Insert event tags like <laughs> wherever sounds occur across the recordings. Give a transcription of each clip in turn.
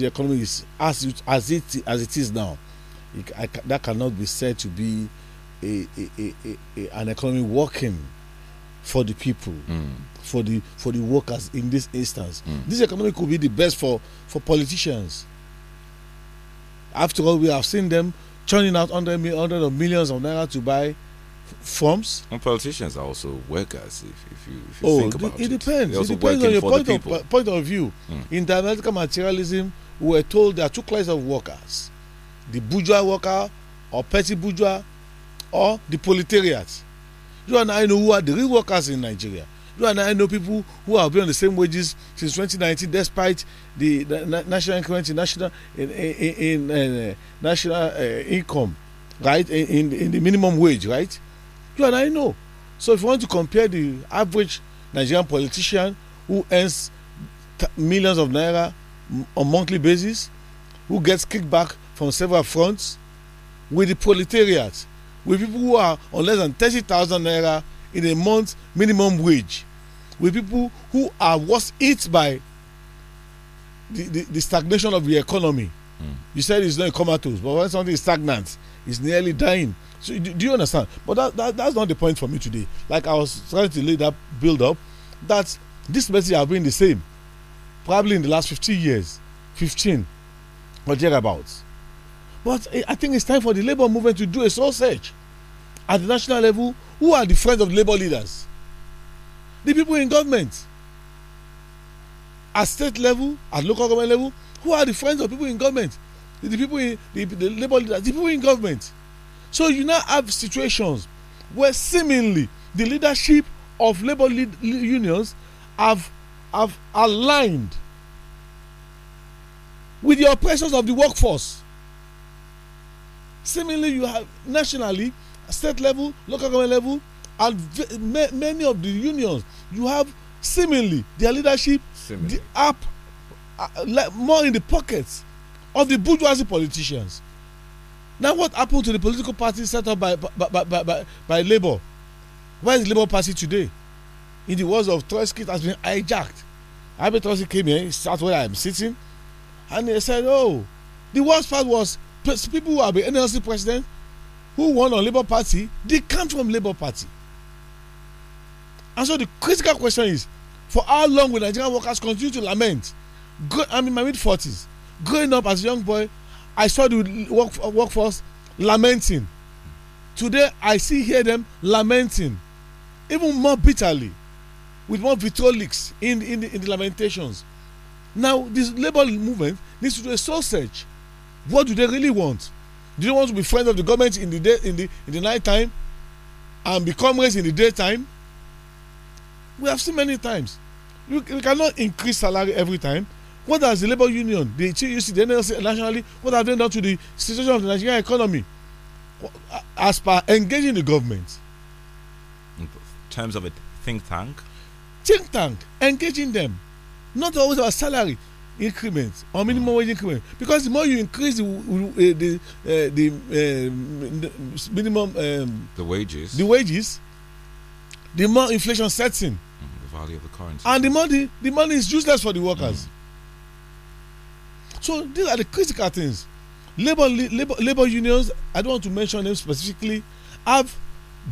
the economy is as it, as it as it is now, it, I, that cannot be said to be a, a, a, an economy working for the people, mm. for the for the workers in this instance. Mm. This economy could be the best for for politicians. After all, we have seen them churning out hundreds of millions of naira to buy forms. And politicians are also workers, if, if you, if you oh, think about it. It depends. It depends on your point of, point of view. Mm. In dialectical materialism, we were told there are two classes of workers the bourgeois worker or petty bourgeois or the proletariat you and i know who are the real workers in nigeria you and i know people who have been on the same wages since 2019 despite the, the national increment in national in, in, in, in uh, national uh, income right in, in the minimum wage right you and i know so if you want to compare the average nigerian politician who earns millions of naira on monthly basis who gets kickback from several fronts with the proletariat with people who are on less than thirty thousand naira in a month minimum wage with people who are worse hit by the, the, the stagnation of the economy mm. you said it's not comatose but when something is stagnant it's nearly dying so do, do you understand but that, that, that's not the point for me today like i was trying to lay that build up that this message have been the same probably in the last 15 years, 15 or thereabouts. But I think it's time for the labour movement to do a soul search at the national level. Who are the friends of labour leaders? The people in government. At state level, at local government level, who are the friends of people in government? The people in the, the labour leaders, the people in government. So you now have situations where seemingly the leadership of labour lead, unions have have aligned with the operations of the workforce. Seemingly, you have nationally, state level, local government level, and ma many of the unions, you have seemingly their leadership seemingly. the up uh, like more in the pockets of the bourgeoisie politicians. Now, what happened to the political party set up by, by, by, by, by, by Labour? Where is Labour Party today? In the words of Trotsky, it has been hijacked Abitosi came here, he sat where am sitting, and he said, Oh, the worst part was people who have been NLC president who won on Labour Party, they come from Labour Party. And so the critical question is, for how long will Nigerian workers continue to lament? Go, I'm in my mid 40s. Growing up as a young boy, I saw the work, workforce lamenting. Today, I see hear them lamenting, even more bitterly. with more vitriolics in, in, the, in the lamentations. Now, this labor movement needs to do a soul search. What do they really want? Do they want to be friends of the government in the day, in the in the night time, and be comrades in the daytime? We have seen many times. We, we cannot increase salary every time. What has the labor union, the TUC, the NLC nationally, what have they done to the situation of the Nigerian economy? As per engaging the government. In terms of a think tank, think tank engaging them not always about salary increments or minimum mm. wage increment because the more you increase the uh, the, uh, the, uh, minimum um, the wages the wages the more inflation sets in mm, the value of the currency and the money the money is useless for the workers mm. so these are the critical things labor labor labor unions i don't want to mention them specifically have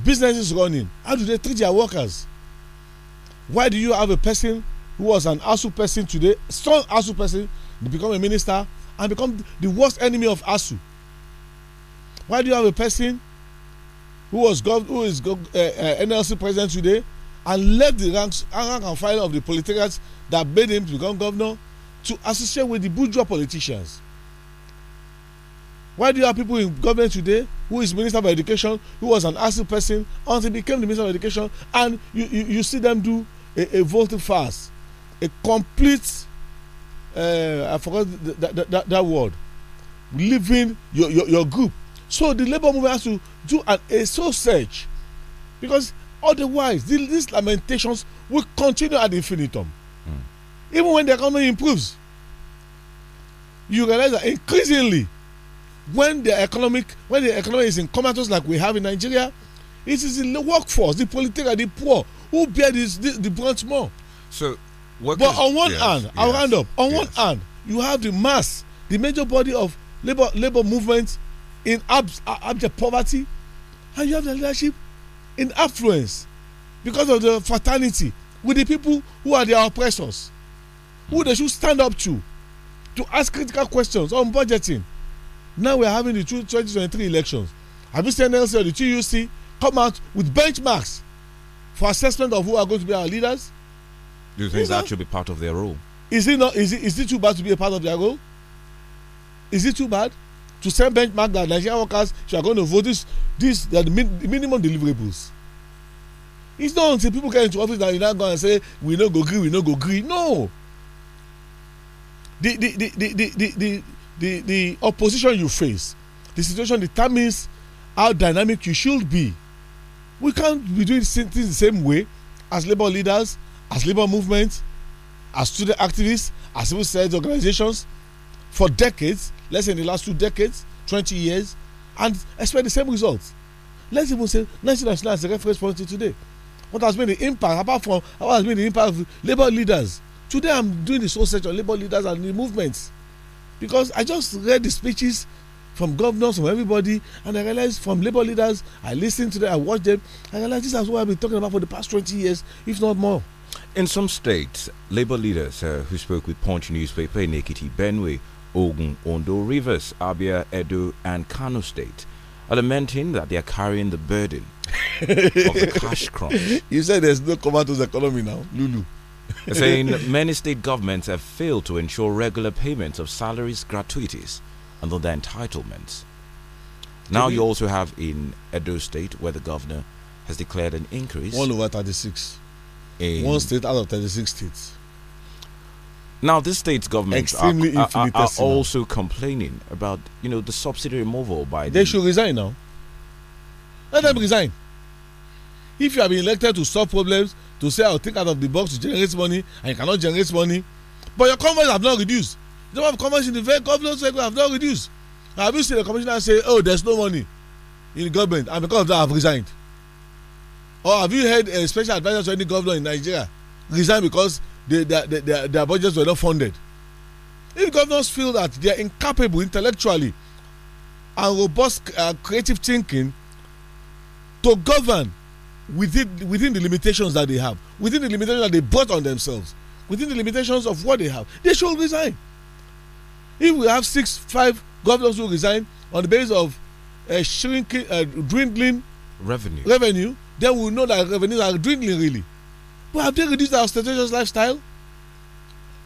businesses running how do they treat their workers why do you have a person who was an asu person today strong asu person become a minister and become the worst enemy of asu why do you have a person who was gov who is gov uh, eh, uh, eh, nlc president today and left the ranks rank and file of the politicians that made him become governor to associate with the bourgeois politicians Why do you have people in government today who is Minister of Education, who was an active person until he became the Minister of Education, and you, you, you see them do a, a voting fast, a complete, uh, I forgot th th that, that word, leaving your, your, your group. So the labour movement has to do an, a soul search because otherwise the, these lamentations will continue ad infinitum. Mm. Even when the economy improves, you realize that increasingly when the economic when the economy is in comatose like we have in Nigeria it is the workforce the political the poor who bear this, the, the brunt more. so what but is, on one yes, hand yes, i'll round up on yes. one hand you have the mass the major body of labor labor movement in abject poverty and you have the leadership in affluence because of the fraternity with the people who are their oppressors who they should stand up to to ask critical questions on budgeting now we are having the 2023 elections have you seen elsewhere the tuc come out with benchmarks for assessment of who are going to be our leaders. do you think that, that should be part of their role. is it not is it is it too bad to be a part of their role is it too bad to send benchmark that nigerian workers should are going to vote this this that the minimum deliverables it's not until people get into office that you now go and say we no go green, we no go green. no the the the the the the the the opposition you face the situation determines how dynamic you should be we can't be doing things the same way as labour leaders as labour movements, as student activists as civil society organizations for decades let's say in the last two decades twenty years and expect the same results let's even say nineteen ninety nine as a reference point till today what has been the impact apart from what has been the impact of labour leaders today i'm doing the soul search on labour leaders and the movements because I just read the speeches from governors from everybody and I realized from labour leaders I listened to them I watched them I realized this is what I've been talking about for the past twenty years if not more. In some states, labor leaders uh, who spoke with Punch newspaper in Ekiti, Benue, Ogun, Ondo, Rivers, Abia, Edo, and Kano State are lamenting that they are carrying the burden of the <laughs> cash crunch. You said there's no the economy now, Lulu. <laughs> saying many state governments have failed to ensure regular payments of salaries, gratuities, and other entitlements. Now you also have in Edo State where the governor has declared an increase. One over 36. In One state out of 36 states. Now, this state's governments are, are, are, also complaining about, you know, the subsidy removal by. They the should resign now. Let them resign. if you have been elected to solve problems to say I will think out of the box to generate money and you cannot generate money but your convoys have not reduced the number of convoys in the very government sector have not reduced have you seen a commissioner say oh there's no money in the government and because of that i have resigned or have you heard a special adviser to any governor in nigeria resign because they, their, their, their budgets were not funded if governors feel that they are incapable intellectually and robust uh, creative thinking to govern within within the limitations that they have, within the limitations that they brought on themselves, within the limitations of what they have, they should resign. If we have six, five governors who resign on the basis of a uh, shrinking, a uh, dwindling revenue, revenue, then we know that revenues are dwindling really. But have they reduced our ostentatious lifestyle?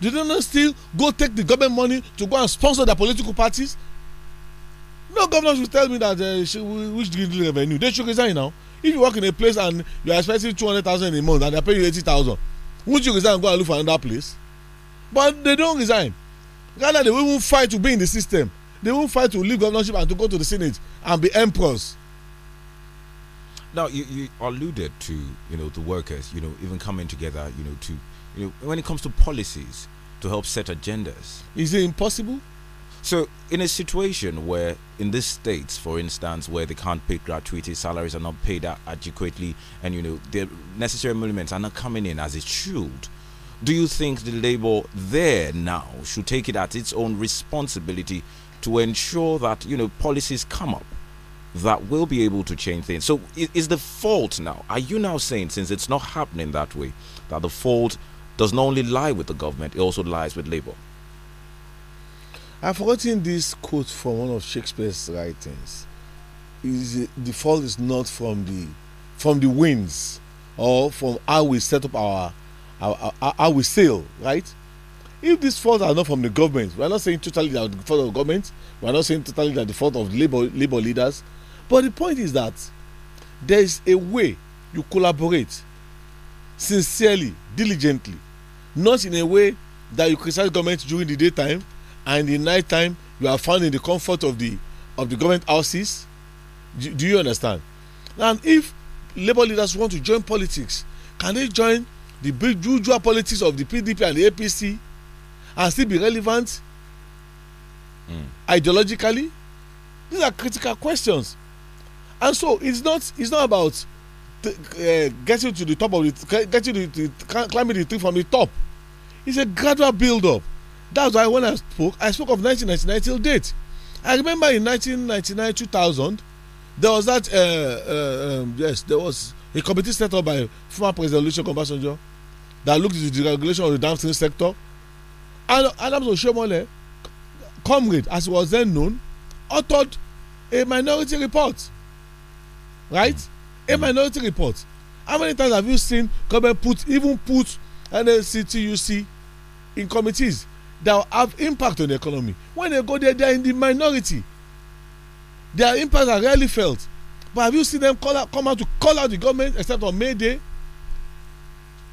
Do they not still go take the government money to go and sponsor their political parties? No governor should tell me that uh, we, revenue. They should resign now if you work in a place and you are expecting two hundred thousand a month and they are paying you eighty thousand won't you resign and go and look for another place but they don't resign rather they will fight to be in the system they will fight to leave governorship and to go to the senate and be emperors. now you, you alluded to you know the workers you know even coming together you know to you know when it comes to policies to help set agendas. is it impossible so, in a situation where, in these states, for instance, where they can't pay gratuity, salaries are not paid adequately, and you know the necessary emoluments are not coming in as it should, do you think the labor there now should take it at its own responsibility to ensure that you know policies come up that will be able to change things? So, is the fault now? Are you now saying, since it's not happening that way, that the fault does not only lie with the government, it also lies with labor? I've forgotten this quote from one of Shakespeare's writings. Is the fall is not from the from the winds or from how we set up our how, how, how we sail, right? If these faults are not from the government, we are not saying totally that the fault of the government. We are not saying totally that the fault of labor labor leaders. But the point is that there is a way you collaborate sincerely, diligently, not in a way that you criticize government during the daytime and in night time you are found in the comfort of the of the government houses do, do you understand and if labour leaders want to join politics can they join the big usual politics of the pdp and the apc and still be relevant mm. ideologically these are critical questions and so it's not it's not about uh, getting to the top of the getting to the, the climbing the tree from the top it's a gradual build up That's why when I spoke, I spoke of 1999 till date. I remember in 1999, 2000, there was that, uh, uh, um, yes, there was a committee set up by former President Lucian Kombasanjo that looked into the regulation of the dancing sector. And Adams Oshomole, comrade, as he was then known, authored a minority report. Right? A mm-hmm. minority report. How many times have you seen government put, even put NLC, TUC in committees? that will have impact on the economy when they go there they are in the minority their impact are rarely felt but have you seen them call out come out to call out the government except on may day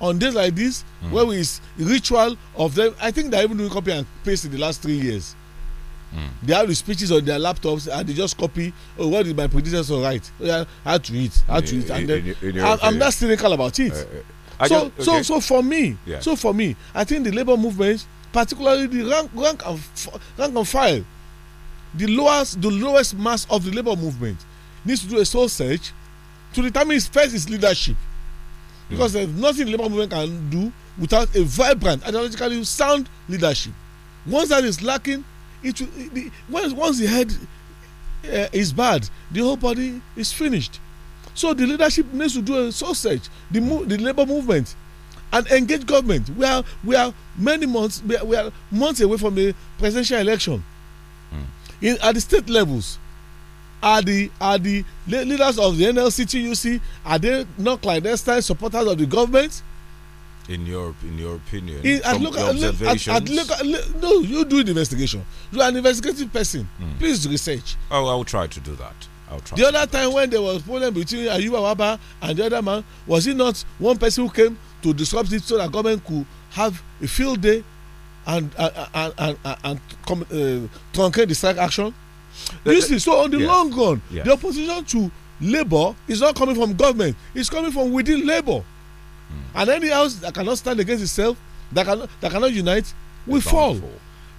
on days like this mm. where we is ritual of them i think they are even doing copy and paste in the last three years mm. they have the speeches on their laptops and they just copy oh what did my predecessor write oh, yeah, how to eat how to eat and then in, i'm not cynical about it uh, uh so just, okay. so so for me yeah. so for me i think the labour movement particularly the rank, rank, and, rank and file the lowest the lowest mass of the labour movement needs to do a soul search to determine its first its leadership because mm. there is nothing the labour movement can do without a vibrant ideologically sound leadership once that is lacking it will it, the, once once the head uh, is bad the whole body is finished so the leadership needs to do a soul search the mo the labour movement and engage government we are we are many months we are, we are months away from the presidential election mm. in at the state levels are the are the leaders of the NLC TUC are they not clandestine supporters of the government. in your in your opinion in, at local, observations at, at local, no you do the investigation you are an investigative person mm. please research. oh i will try to do that the other time that. when there was problem between Ayuba Waba and the other man was it not one person who came to disrupt it so that government could have a field day and uh, uh, and uh, and and, and, come, uh, truncate the strike action. This so on the yes. long run. Yes. The opposition to labour is not coming from government; it's coming from within labour. Mm. And any house that cannot stand against itself, that cannot that cannot unite, will fall. fall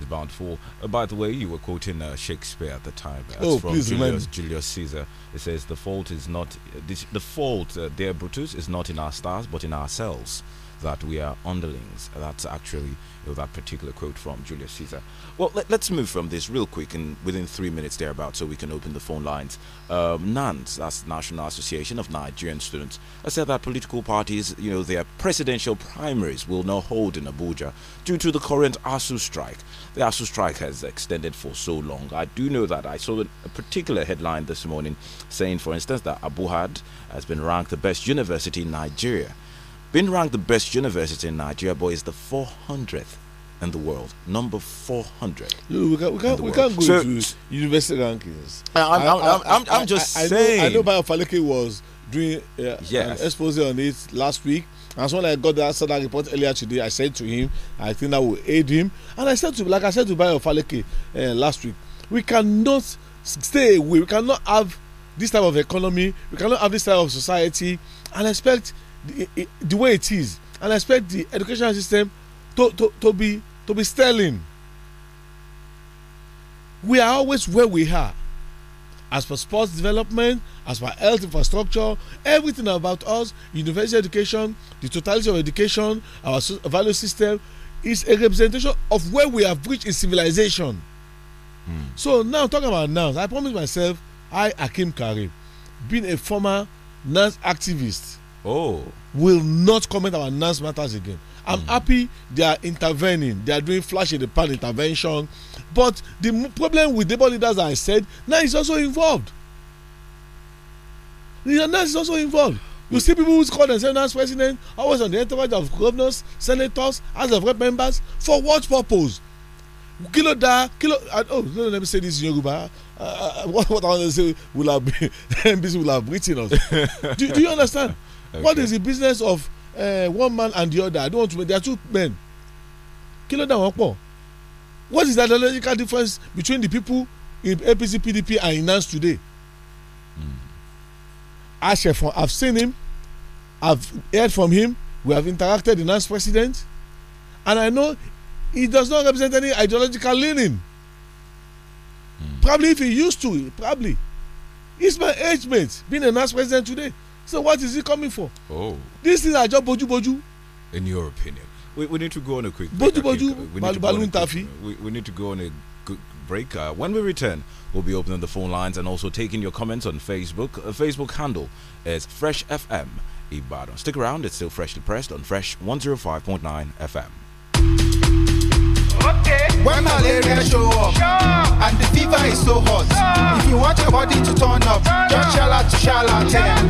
is bound for. Uh, by the way, you were quoting uh, Shakespeare at the time. That's oh, from please Julius, remember. Julius Caesar. It says, The fault is not, uh, this, the fault, uh, dear Brutus, is not in our stars, but in ourselves that we are underlings. That's actually you know, that particular quote from Julius Caesar. Well, let, us move from this real quick and within three minutes thereabouts so we can open the phone lines. Um, NANS, that's National Association of Nigerian Students, has said that political parties, you know, their presidential primaries will not hold in Abuja due to the current ASU strike. The ASU strike has extended for so long. I do know that. I saw a particular headline this morning saying, for instance, that Abuhad has been ranked the best university in Nigeria been ranked the best university in Nigeria, boy, is the 400th in the world, number 400. Look, we, can, we, can, we can't go so, into university rankings. I'm, I'm, I, I, I'm, I'm just I, saying. Know, I know Biofaleke was doing uh, yes. an expose on it last week. And so when I got that, that report earlier today, I said to him, I think that will aid him. And I said to, like I said to Biofaleke uh, last week, we cannot stay away. We cannot have this type of economy. We cannot have this type of society and expect the, the way it is and I expect the educational system to, to, to be to be sterling we are always where we are as for sports development as for health infrastructure everything about us university education the totality of education our value system is a representation of where we have reached in civilization mm. so now talking about Nans, i promise myself i akim karim being a former Nans activist Oh. Will not comment about Nance matters again. I'm mm. happy they are intervening. They are doing flash in the pan intervention. But the problem with Labour leaders, I said, now is also involved. Nance is also involved. You see people who call themselves Nance president, always on the entourage of governors, senators, as of Rep members. For what purpose? Kilo da, kilo. Oh, no, let me say this in Yoruba. Uh, uh <laughs> what, what I want to say will have been, NBC <laughs> will have written us. do, do you understand? <laughs> Okay. What is the business of uh, one man and the other? I don't want to make. There are two men. Kí ló dà wọ́n pọ̀? What is the ideological difference between the people in APC, PDP, and Inance today? Mm. Ashefon, I've seen him. I've heard from him. We have interacted in as president, and I know he does not represent any ideological leaning. Mm. Probably if he used to, probably. He's my age mate, being a nice president today. So what is he coming for? Oh. this is are just boju boju. In your opinion. We, we need to go on a quick break. Boju boju, uh, we need, we, we need to go on a good break. Uh, when we return, we'll be opening the phone lines and also taking your comments on Facebook. Uh, Facebook handle is Fresh FM Ibadan. Stick around, it's still freshly pressed on Fresh 105.9 FM. Okay. When malaria show up, show and the fever is so hot, oh. if you want your body to turn up, turn just shala to shala ten.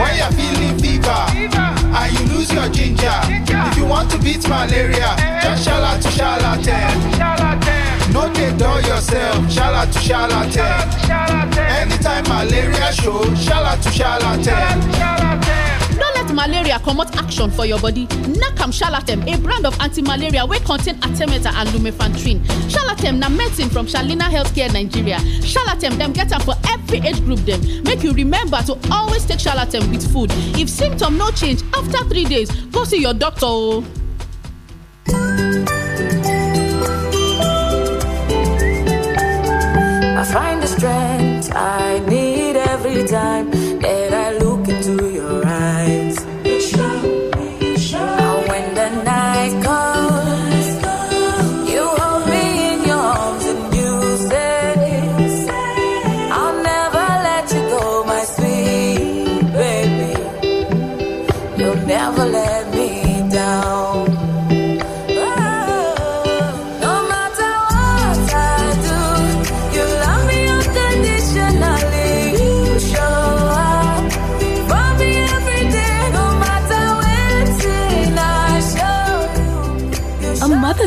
When you're feeling fever, fever, and you lose your ginger, ginger, if you want to beat malaria, eh. just shala to shala ten. No they dull yourself, shala to shala ten. Anytime malaria show, shala to shala ten malaria comot action for your body nakam shalatem a brand of anti-malaria wey contain artemata and lumefantrine shalatem na medicine from Charlina healthcare nigeria shalatem dem get am for every age group dem make you remember to always take shalatem with food if symptom no change after three days go see your doctor oh. I find the strength I need every time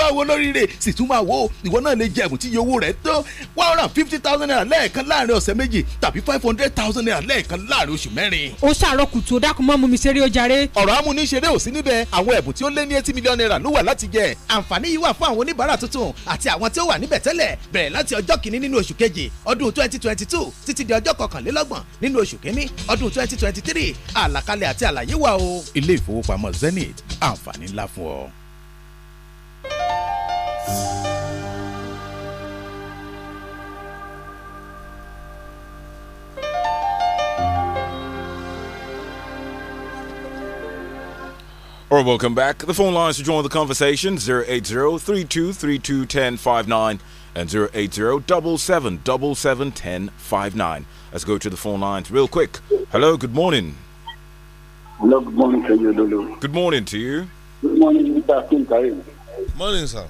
bá wo lórí rẹ̀ sì tún máa wo ìwọ náà lè jẹ ẹ̀bùn tí iye owó rẹ̀ tó one hundred and fifty thousand naira lẹ́ẹ̀kan láàrin ọ̀sẹ̀ méjì tàbí five hundred thousand naira lẹ́ẹ̀kan láàrin oṣù mẹ́rin. ó ṣàárọ̀ kùtù dákun mọ́ mú mi ṣeré ó jàre. ọ̀rọ̀ amúniṣeré ò sí níbẹ̀ àwọn ẹ̀bùn tí ó lé ní eighty million naira ló wà láti jẹ. àǹfààní yìí wà fún àwọn oníbàárà tuntun àti àwọn tí ó wà níbẹ̀ tẹ́lẹ̀ bẹ̀rẹ̀ láti ọjọ́ kìíní nínú oṣù keje ọdún twenty twenty two títí di ọjọ́ kọkànlélọ́gbọ̀n nínú oṣù kìíní ọdún twenty twenty three àlàkalẹ̀ àti àlàyé wà o. ilé ìfowópamọ́ Zenith àǹfààní ńlá fún ọ. All right, welcome back. The phone lines to join the conversation 80 3232 and 80 1059 Let's go to the phone lines real quick. Hello, good morning. Hello, good morning to you, Lulu. Good morning to you. Good morning, Mr. Karim. Morning, sir.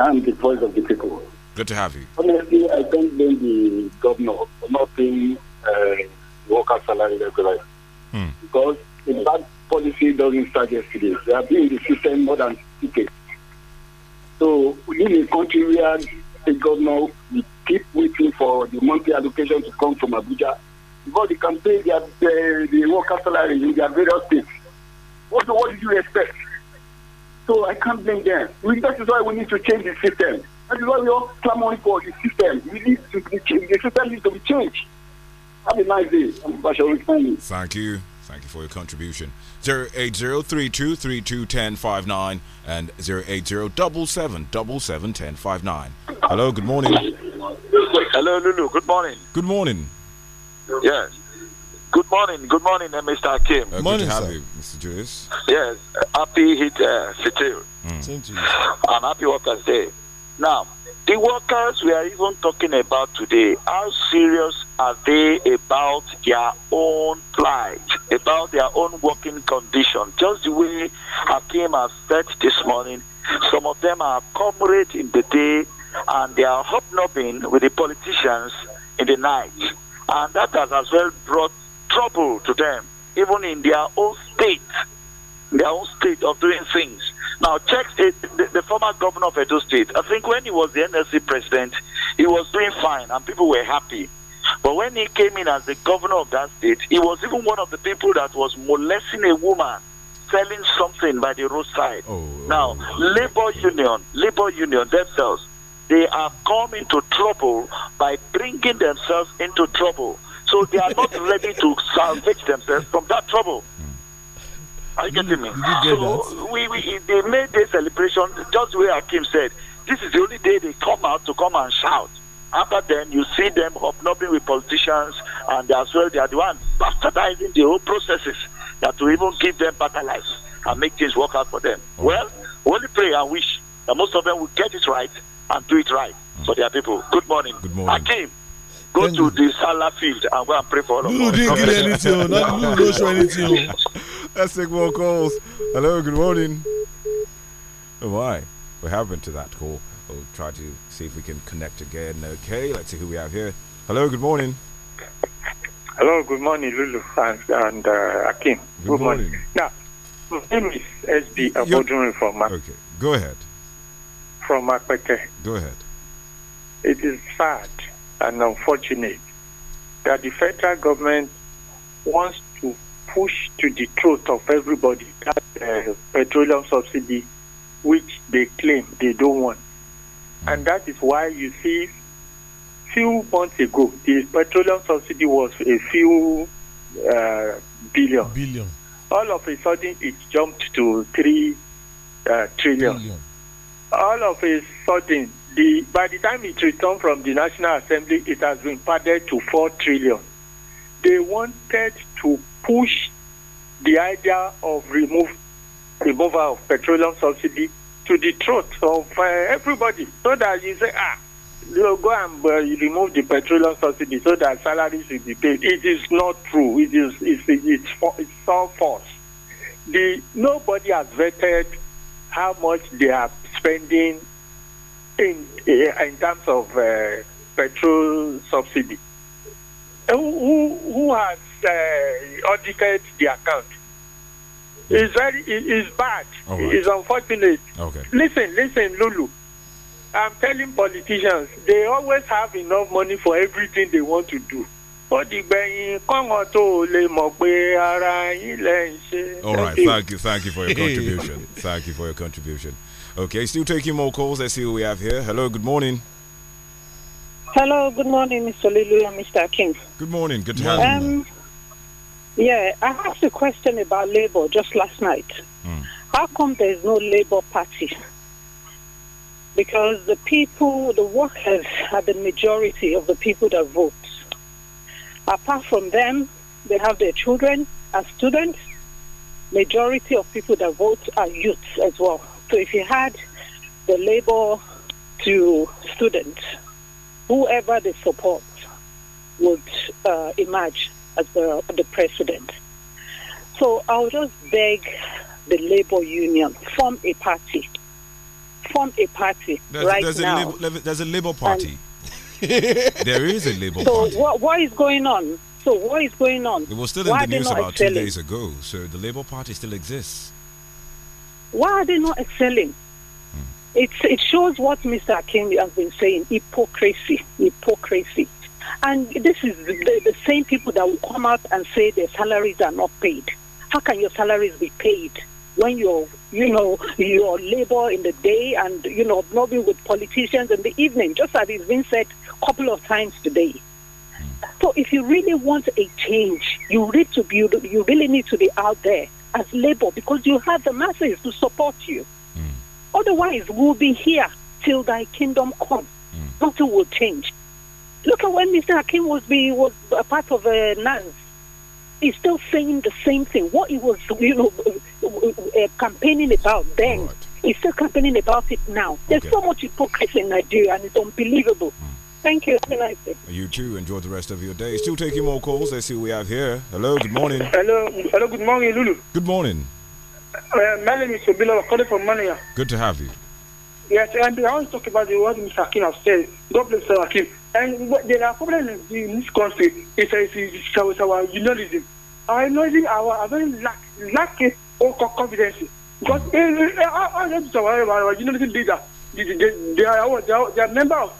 I'm the voice of the people. Good to have you. Honestly, I don't blame the governor for not paying uh, worker salary regularly. Hmm. Because the bad policy doesn't start yesterday. They have been in the system more than decades. So we need a country where the governor we keep waiting for the monthly allocation to come from Abuja. Before they can pay their, the, the worker salary in their various states. What, what do you expect? So I can't blame them. We, that is why we need to change the system. That is why we all clamoring for the system. We need to be changed. The system needs to be changed. Have a nice day. I'm Thank you. Thank you for your contribution. 08032321059 and 08077771059. Hello, good morning. Hello, Lulu. Good morning. Good morning. Yes. Good morning, good morning, Mr. Akim. Uh, uh morning, good Mr. Julius. Yes, happy hit uh, Sitil. Mm. And happy Workers' Day. Now, the workers we are even talking about today, how serious are they about their own plight, about their own working condition? Just the way Akim has said this morning, some of them are comrades in the day and they are hobnobbing with the politicians in the night. And that has as well brought trouble to them, even in their own state, their own state of doing things. Now, check the, the, former governor of Edo State. I think when he was the NLC president, he was doing fine and people were happy. But when he came in as the governor of that state, he was even one of the people that was molesting a woman selling something by the roadside. Oh, now, oh. labor union, labor union themselves, they have come into trouble by bringing themselves into trouble so they are not ready to salvage themselves from that trouble. Are you getting me? so we, we, they made their celebration just the way Akim said. This is the only day they come out to come and shout. After then, you see them hobnobbing with politicians, and as well, they are the ones bastardizing the whole processes that will even give them better lives and make things work out for them. Okay. Well, only pray and wish that most of them will get it right and do it right mm. for their people. Good morning. Good morning. Akim. Go Thank to the Salah field and go and pray for all Lulu us. Lulu didn't give anything. Oh. No, Lulu don't show anything. Oh. <laughs> Let's take more calls. Hello, good morning. Oh, why? have been to that call? We'll try to see if we can connect again. Okay, let's see who we have here. Hello, good morning. Hello, good morning, Lulu and, and uh, Akim. Good, good morning. morning. Now, my name is SB Abodun from Okay, go ahead. From Akwete. Go ahead. It is sad and unfortunate that the federal government wants to push to the throat of everybody that uh, petroleum subsidy, which they claim they don't want. And that is why you see, few months ago, the petroleum subsidy was a few uh, billion. Billion. All of a sudden, it jumped to three uh, trillion. Billion. All of a sudden, the, by the time it returned from the National Assembly, it has been padded to four trillion. They wanted to push the idea of remove removal of petroleum subsidy to the throat of uh, everybody, so that you say, ah, you go and uh, remove the petroleum subsidy so that salaries will be paid. It is not true. It is it's it's, it's, it's false. The nobody has vetted how much they are spending in, eh, in terms of uh, petrol subsidy. Who, who has uh, audited the account? It's very it's bad. Right. It's unfortunate. Okay. Listen, listen, Lulu. I'm telling politicians they always have enough money for everything they want to do. All right, thank you, thank you for your contribution. Thank you for your contribution. Okay, still taking more calls. Let's see what we have here. Hello, good morning. Hello, good morning, Mr. Lulu and Mr. King. Good morning, good to have you. Um, yeah, I asked a question about Labour just last night. Mm. How come there's no Labour Party? Because the people, the workers, are the majority of the people that vote. Apart from them, they have their children as students. Majority of people that vote are youths as well. So if you had the labor to students, whoever they support would uh, emerge as the, the president. So I'll just beg the labor union form a party, form a party there's, right there's now. A labor, there's a labor party. <laughs> there is a labor so party. So what, what is going on? So what is going on? It was still Why in the news about two days ago. So the labor party still exists. Why are they not excelling? It's, it shows what Mr. Akin has been saying hypocrisy, hypocrisy. And this is the, the, same people that will come out and say their salaries are not paid. How can your salaries be paid when you're, you know, your labor in the day and, you know, lobbying with politicians in the evening, just as it's been said a couple of times today. So if you really want a change, you, need to be, you really need to be out there as Labour because you have the masses to support you. Mm. Otherwise, we'll be here till thy kingdom come. Mm. Nothing will change. Look at when Mr. Hakim was, be, was a part of uh, NANS. He's still saying the same thing. What he was, you know, uh, uh campaigning about then, right. he's still campaigning about it now. There's so much hypocrisy in Nigeria, and it's unbelievable. Mm. Thank you. Have a nice day. You too. Enjoy the rest of your day. Still taking more calls. Let's see who we have here. Hello. Good morning. Hello. Hello. Good morning, Lulu. Good morning. Uh, my name is Obila calling from Mania. Good to have you. Yes, and I want to talk about the word Mr. Akin has said. God bless Mr. Akin. And there are problems in this country. It's, it's, it's our, it's our journalism, Our unionism, our, our very lack, lack of confidence. Because eh, eh, eh, all those our, our unionism leaders, they, they, they, are, they, are, they are members of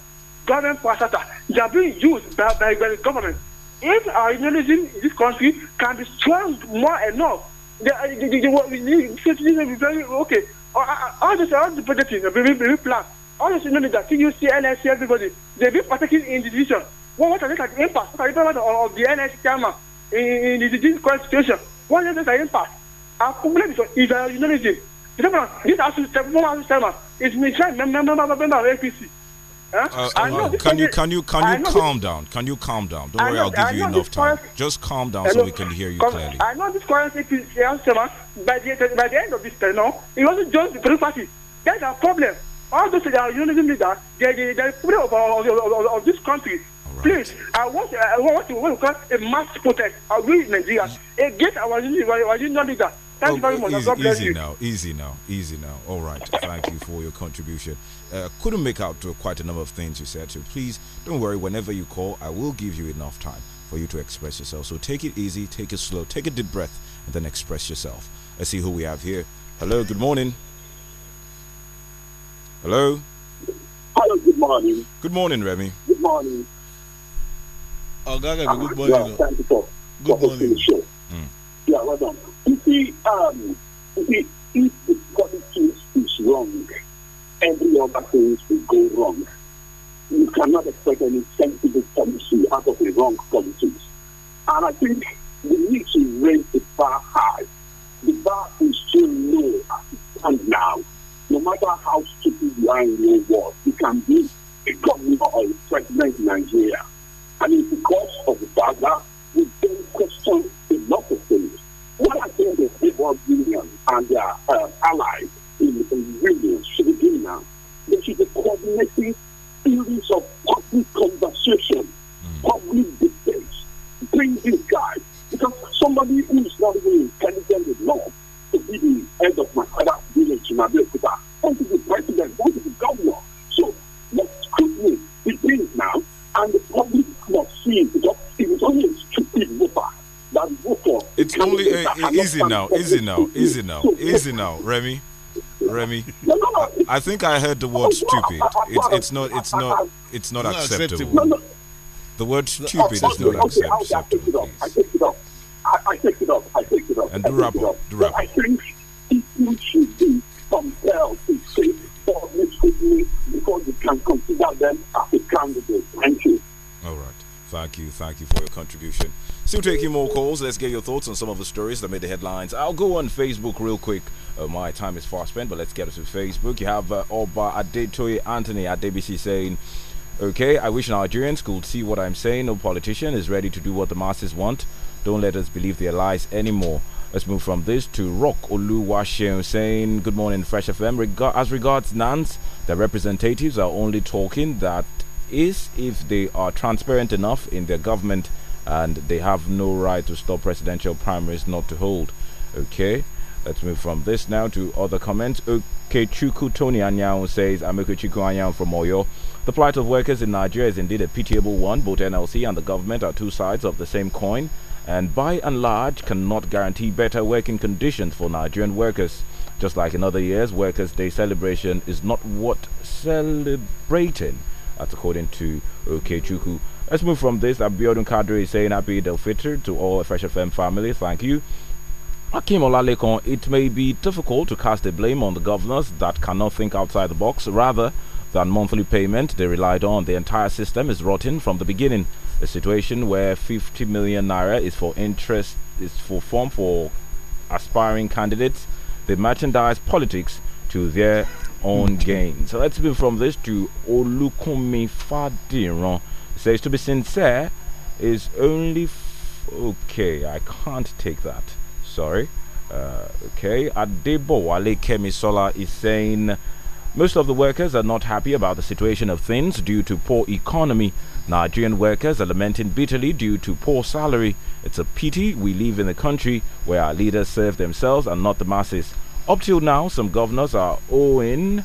government parastatal. They are being used by, by, by, the government. If our journalism in this country can be strong more enough, they, they, they, they will be very okay. All, this, all the projects will be planned. All this, you know, that TUC, NSC, everybody, they've been partaking in the decision. Well, what are they at the impact? What are the impact of the NSC chairman in, in the disease situation? What is the impact? Our problem is our evaluationism. Remember, this is the former associate chairman is Michel, member of APC. Huh? Uh, uh, uh hello. Can you can you can you calm down? Can you calm down? Don't worry, I'll give you enough time. Just calm down so we can hear you clearly. I know this currency is By the by the end of this term, it wasn't just the three parties. That's our problem. All those that are unionism leaders, they they they problem of, of, of, of this country. Right. Please, I want I want to call a mass protest. against Nigeria against our union our leader. Thank oh, you very much. Easy, easy now, easy now, easy now. All right. Thank you for your contribution. Uh, couldn't make out to quite a number of things you said. So please don't worry. Whenever you call, I will give you enough time for you to express yourself. So take it easy, take it slow, take a deep breath, and then express yourself. Let's see who we have here. Hello. Good morning. Hello. Hello. Good morning. Good morning, Remy. Good morning. Oh, good, good morning. Yeah, thank you for, good for morning. Show. Mm. Yeah, well done. You see, um, you see, if the is wrong, every other thing will go wrong. You cannot expect any sensible policy out of a wrong politics. And I think we need to raise the bar high. The bar is too low as it stands now. No matter how stupid you are in your world, you can be a governor or a president in Nigeria. And it's because of that we don't question a lot of things. What I think the European Union and their uh, allies in ingredients to the dinner. This is a coordinating series of public conversation, public debates, bring this guy. Because somebody who is not even intelligent enough to be the head of my father's village in Abeokuta, want to be president, want to be governor. So let scrutiny begins now, and the public must see it because it was only a stupid voter It's only uh, easy now, easy now, easy now, easy now, Remy. Remy, I think I heard the word oh, stupid. It's it's not it's not it's not, acceptable. The word stupid is not okay, acceptable. I take it off. I take it off. I take it off. And do wrap up. Do wrap up. I think people should be compelled to say for oh, mistakenly before you can consider them as a candidate. Thank you. All right. Thank you. Thank you for your contribution. Still taking more calls. Let's get your thoughts on some of the stories that made the headlines. I'll go on Facebook real quick. Uh, my time is fast spent, but let's get to Facebook. You have uh, Oba Adetoye Anthony at DBC saying, Okay, I wish Nigerians could see what I'm saying. No politician is ready to do what the masses want. Don't let us believe their lies anymore. Let's move from this to Rock Oluwasheun saying, Good morning, Fresh FM. Rega as regards NANS, the representatives are only talking that is if they are transparent enough in their government and they have no right to stop presidential primaries not to hold. Okay, let's move from this now to other comments. Okay, Chuku Tony Anyaun says, Ameku Chuku Anyaun from Oyo. The plight of workers in Nigeria is indeed a pitiable one. Both NLC and the government are two sides of the same coin, and by and large cannot guarantee better working conditions for Nigerian workers. Just like in other years, Workers' Day celebration is not what celebrating. That's according to Okechukwu Let's move from this. Abiodun Kadri is saying happy Del Fitr to all Fresh FM family. Thank you. Akim Olalekon, it may be difficult to cast the blame on the governors that cannot think outside the box. Rather than monthly payment they relied on, the entire system is rotten from the beginning. A situation where 50 million naira is for interest, is for form for aspiring candidates. They merchandise politics to their own gain. So let's move from this to Olukumi Fadiran says to be sincere is only. okay, I can't take that. Sorry. Uh, okay, Adebowale Kemisola is saying most of the workers are not happy about the situation of things due to poor economy. Nigerian workers are lamenting bitterly due to poor salary. It's a pity we live in a country where our leaders serve themselves and not the masses. Up till now, some governors are owing.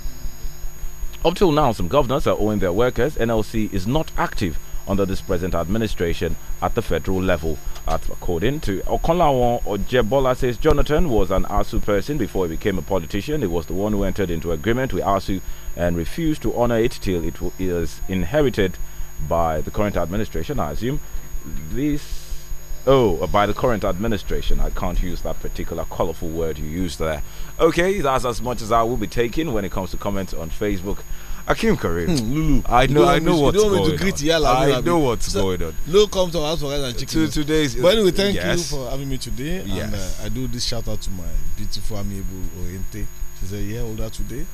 Up till now, some governors are owing their workers. NLC is not active under this present administration at the federal level. At, according to Okolawon Ojebola says Jonathan was an ASU person before he became a politician. He was the one who entered into agreement with ASU and refused to honor it till it is inherited by the current administration. I assume this Oh, uh, by the current administration. I can't use that particular colorful word you used there. Okay, that's as much as I will be taking when it comes to comments on Facebook. Akim Karim. Hmm, Lulu. I know, I know what's going on. I know what's going on. Lulu comes to our house for rice and chicken. To, today's. But anyway, thank yes. you for having me today. Yes. And uh, I do this shout out to my beautiful amiable Oriente. She's a year older today.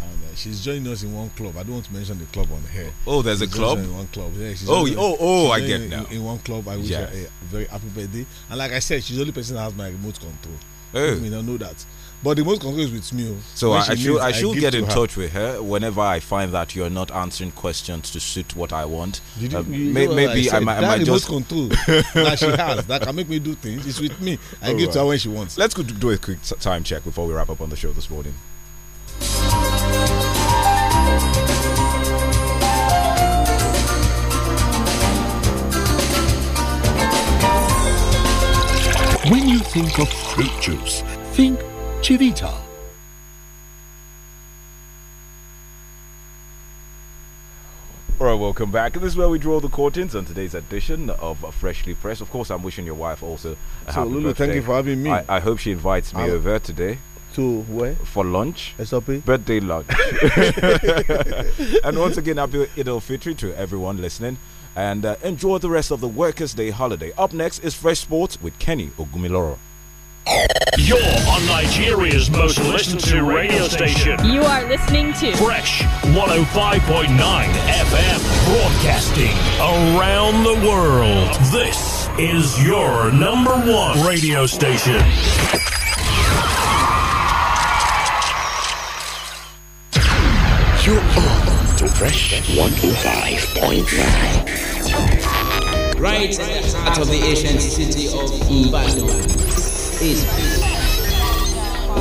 And uh, she's joining us in one club. I don't want to mention the club on here. Oh, there's she's a club. In one club. Yeah, oh, only, oh, oh, I get in, now. In one club, I wish yeah. her a very happy birthday. And like I said, she's the only person that has my remote control. Oh. You may not know that. But the most concern is with me. Oh. So I, I, should I should I get in touch with her whenever I find that you're not answering questions to suit what I want. Did you, uh, you may, maybe I, I might, might just control that she has that can make me do things. It's with me. I All give right. to her when she wants. Let's go do a quick time check before we wrap up on the show this morning. When you think of fruit juice, think Civita. Alright, welcome back. This is where we draw the curtains on today's edition of Freshly Pressed. Of course, I'm wishing your wife also a so, happy Lulu, birthday. thank you for having me. I, I hope she invites me I'll over today. To where? For lunch. SOP? Birthday lunch. <laughs> and once again, happy Eid al Fitri to everyone listening. And uh, enjoy the rest of the Workers' Day holiday. Up next is Fresh Sports with Kenny Ogumiloro. You're on Nigeria's most listened to radio station. You are listening to Fresh 105.9 FM, broadcasting around the world. This is your number one radio station. You're on to Fresh 105.9. Right out of the ancient city of Ibadan is 105.9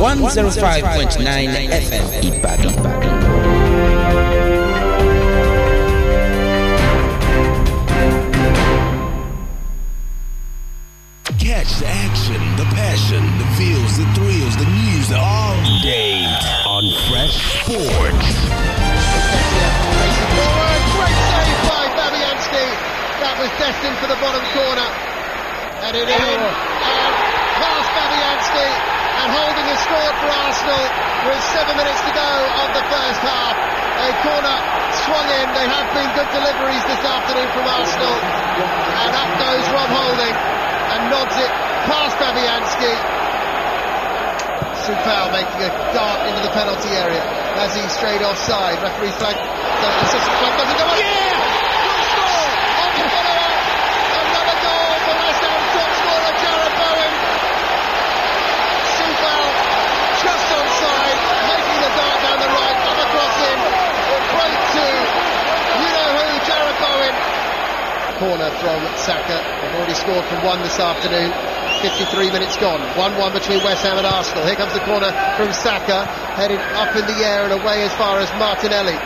FM Ibadan. Catch the action, the passion, the feels, the thrills, the news all day on Fresh Sports. That was destined for the bottom corner. And it is. Oh penalty and holding a score for Arsenal with seven minutes to go of the first half. A corner swung in. They have been good deliveries this afternoon from Arsenal. And up goes Rob Holding and nods it past Babianski. Sufal making a dart into the penalty area as he strayed offside. Referee flag. flag doesn't go on. Yeah! corner from Saka. They've already scored from one this afternoon. 53 minutes gone. 1-1 between West Ham and Arsenal. Here comes the corner from Saka, headed up in the air and away as far as Martinelli.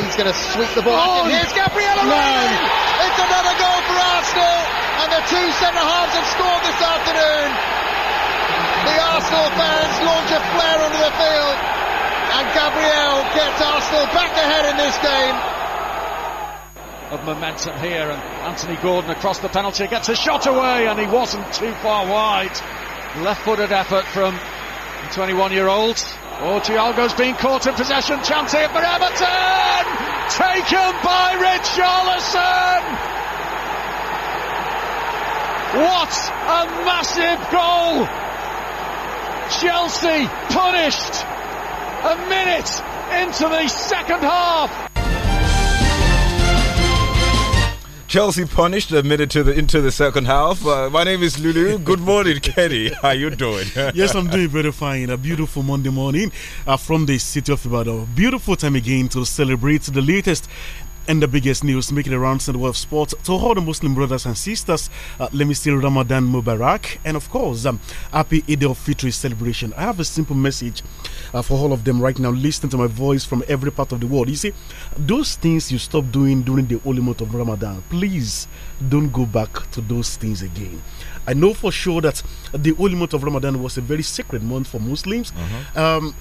He's going to sweep the ball. Oh, here's Gabriel! It's another goal for Arsenal, and the two centre halves have scored this afternoon. The Arsenal fans launch a flare onto the field, and Gabriel gets Arsenal back ahead in this game of momentum here. And Anthony Gordon across the penalty gets a shot away, and he wasn't too far wide. Left footed effort from 21 year old. Oh, Thiago's been caught in possession. Chance here for Everton! Taken by Richarlison! What a massive goal! Chelsea punished a minute into the second half. Chelsea punished admitted to the into the second half. Uh, my name is Lulu. Good morning, Kenny. How you doing? <laughs> yes, I'm doing very fine. A beautiful Monday morning uh, from the city of Ibadan. Beautiful time again to celebrate the latest and the biggest news making the rounds in the world of sports to all the Muslim brothers and sisters. Uh, let me say Ramadan Mubarak and, of course, um, happy Eid al Fitr celebration. I have a simple message uh, for all of them right now. Listen to my voice from every part of the world. You see, those things you stop doing during the holy month of Ramadan, please don't go back to those things again. I know for sure that the holy month of Ramadan was a very sacred month for Muslims. Mm-hmm. um,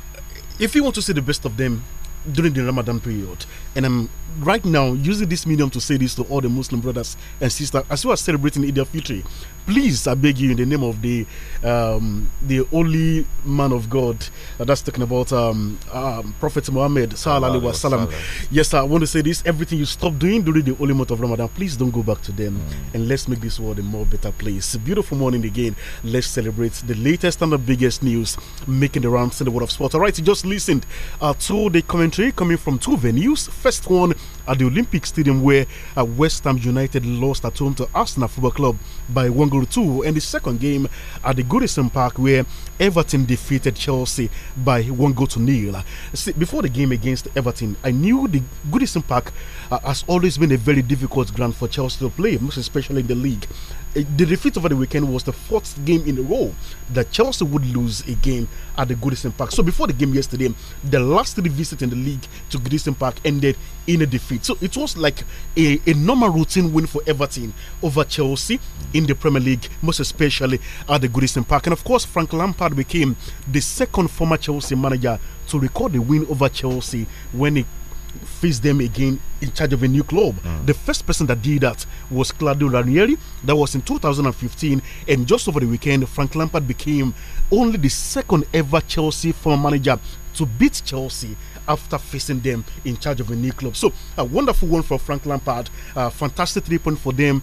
if you want to see the best of them, during the Ramadan period. And I'm right now using this medium to say this to all the Muslim brothers and sisters as you are celebrating Eid al-Fitr please, I beg you, in the name of the um, the only man of God, uh, that's talking about um, um, Prophet Muhammad Sallallahu Alaihi Wasallam. Yes, sir, I want to say this: everything you stop doing during the holy month of Ramadan, please don't go back to them, mm. and let's make this world a more better place. Beautiful morning again. Let's celebrate the latest and the biggest news making the rounds in the world of sport. All right, you just listened uh, to the commentary coming from two venues. First one at the Olympic Stadium, where uh, West Ham United lost at home to Arsenal Football Club by one goal 2 and the second game at the Goodison Park where Everton defeated Chelsea by one goal to nil. See, before the game against Everton, I knew the Goodison Park uh, has always been a very difficult ground for Chelsea to play, most especially in the league. Eh, the defeat over the weekend was the fourth game in a row that Chelsea would lose a game at the Goodison Park. So before the game yesterday, the last three visits in the league to Goodison Park ended in a defeat. So it was like a, a normal routine win for Everton over Chelsea in the Premier League, most especially at the Goodison Park. And of course, Frank Lampard became the second former Chelsea manager to record a win over Chelsea when he face them again in charge of a new club. Mm. The first person that did that was Claudio Ranieri. That was in 2015. And just over the weekend, Frank Lampard became only the second ever Chelsea former manager to beat Chelsea after facing them in charge of a new club. So, a wonderful one for Frank Lampard. A fantastic three point for them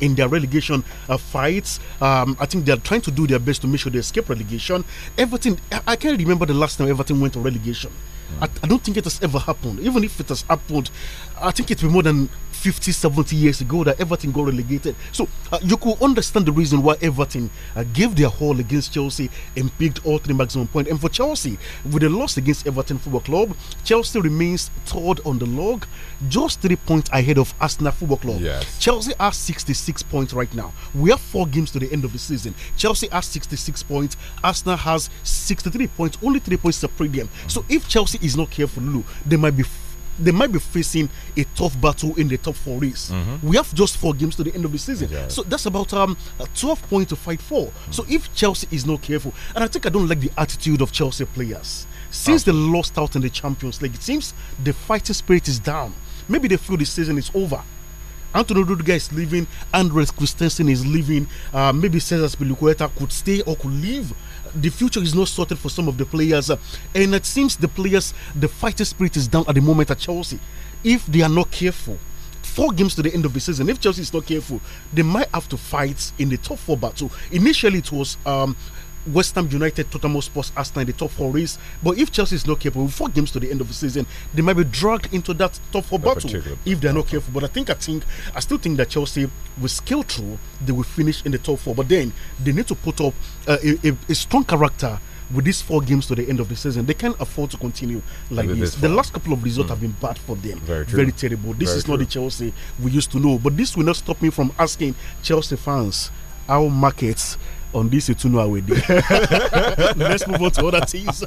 in their relegation uh, fights. Um, I think they're trying to do their best to make sure they escape relegation. Everton, I can't remember the last time Everton went to relegation. I, I, don't think it has ever happened. Even if it has happened, I think it will be more than 50, 70 years ago that Everton got relegated. So uh, you could understand the reason why Everton uh, gave their haul against Chelsea and picked all three maximum points. And for Chelsea, with a loss against Everton Football Club, Chelsea remains third on the log, just three points ahead of Arsenal Football Club. Yes. Chelsea are 66 points right now. We have four games to the end of the season. Chelsea has 66 points. Arsenal has 63 points. Only three points separate them. Mm -hmm. So if Chelsea is not careful, Lulu, they might be they might be facing a tough battle in the top four race. Mm -hmm. We have just four games to the end of the season, so that's about um 12 points to fight for. Mm -hmm. So if Chelsea is not careful, and I think I don't like the attitude of Chelsea players since oh. they lost out in the Champions League, it seems the fighting spirit is down. Maybe they feel the season is over. Antonio Rudiger is leaving, Andres Christensen is leaving, uh, maybe Cesar Spilicueta could stay or could leave the future is not sorted for some of the players, uh, and it seems the players, the fighting spirit is down at the moment at Chelsea. If they are not careful, four games to the end of the season. If Chelsea is not careful, they might have to fight in the top four battle. Initially, it was um, West Ham United, Tottenham Sports, Arsenal in the top four race. But if Chelsea is not capable, four games to the end of the season, they might be dragged into that top four battle if they're not careful. But I think I think I still think that Chelsea will scale through. They will finish in the top four. But then they need to put up uh, a, a strong character with these four games to the end of the season, they can't afford to continue like this. this. The last couple of results mm. have hmm. been bad for them. Very, Very terrible. This Very is true. not the Chelsea we used to know. But this will not stop me from asking Chelsea fans how markets on this we Awede. <laughs> Let's move on to other things.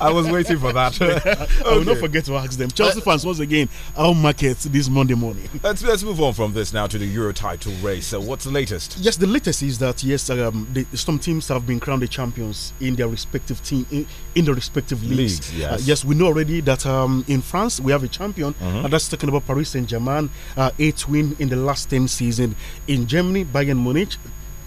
I was waiting for that. okay. <laughs> I will not forget to ask them. Chelsea uh, fans, once again, our markets this Monday morning. Let's, let's move on from this now to the Euro title race. So, uh, what's the latest? Yes, the latest is that, yes, um, the, some teams have been crowned the champions in their respective team, in, in their respective leagues. leagues yes. Uh, yes, we know already that um, in France, we have a champion, mm -hmm. and that's talking about Paris Saint Germain, uh, eight win in the last 10 season. In Germany, Bayern Munich,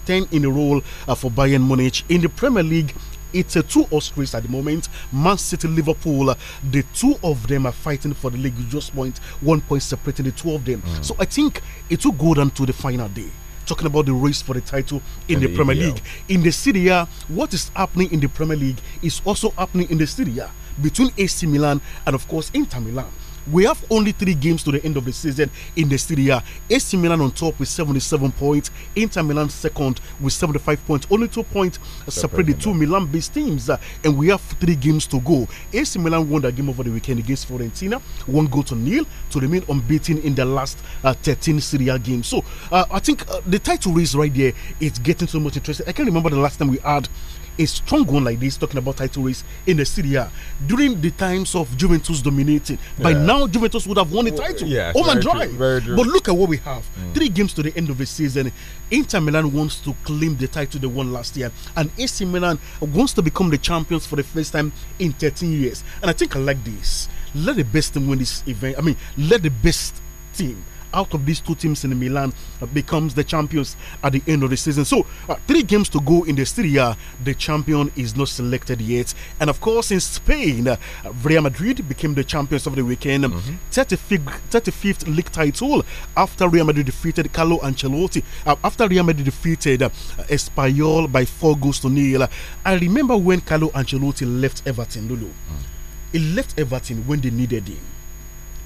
10 in a row uh, for Bayern Munich in the Premier League it's a two horse race at the moment. Man City, Liverpool, uh, the two of them are fighting for the league. Just point one point separating the two of them. Mm. So I think it will go down to the final day. Talking about the race for the title in, in the, the, Premier League. In the Serie A, what is happening in the Premier League is also happening in the Serie A between AC Milan and, of course, Inter Milan. We have only three games to the end of the season in the Serie A. AC Milan on top with 77 points, Inter Milan second with 75 points. Only two points separate the two Milan based teams, uh, and we have three games to go. AC Milan won that game over the weekend against Fiorentina, one goal to nil to remain unbeaten in the last uh, 13 Serie A games. So uh, I think uh, the title race right there is getting so much interesting. I can't remember the last time we had a strong one like this, talking about title race in the Serie A during the times of Juventus dominating. By now, Juventus would have won the oh, title. Yeah, home and dry. But look at what we have: mm. three games to the end of the season. Inter Milan wants to claim the title they won last year, and AC Milan wants to become the champions for the first time in 13 years. And I think I like this. Let the best team win this event. I mean, let the best team out of these two teams in Milan uh, becomes the champions at the end of the season. So, uh, three games to go in the Serie A. The champion is not selected yet. And of course, in Spain, uh, Real Madrid became the champions of the weekend. Mm -hmm. 35th, 35th league title after Real Madrid defeated Carlo Ancelotti. after Real Madrid defeated Espanyol by four goals to nil. I remember when Carlo Ancelotti left Everton, Lulu. Mm. He left Everton when they needed him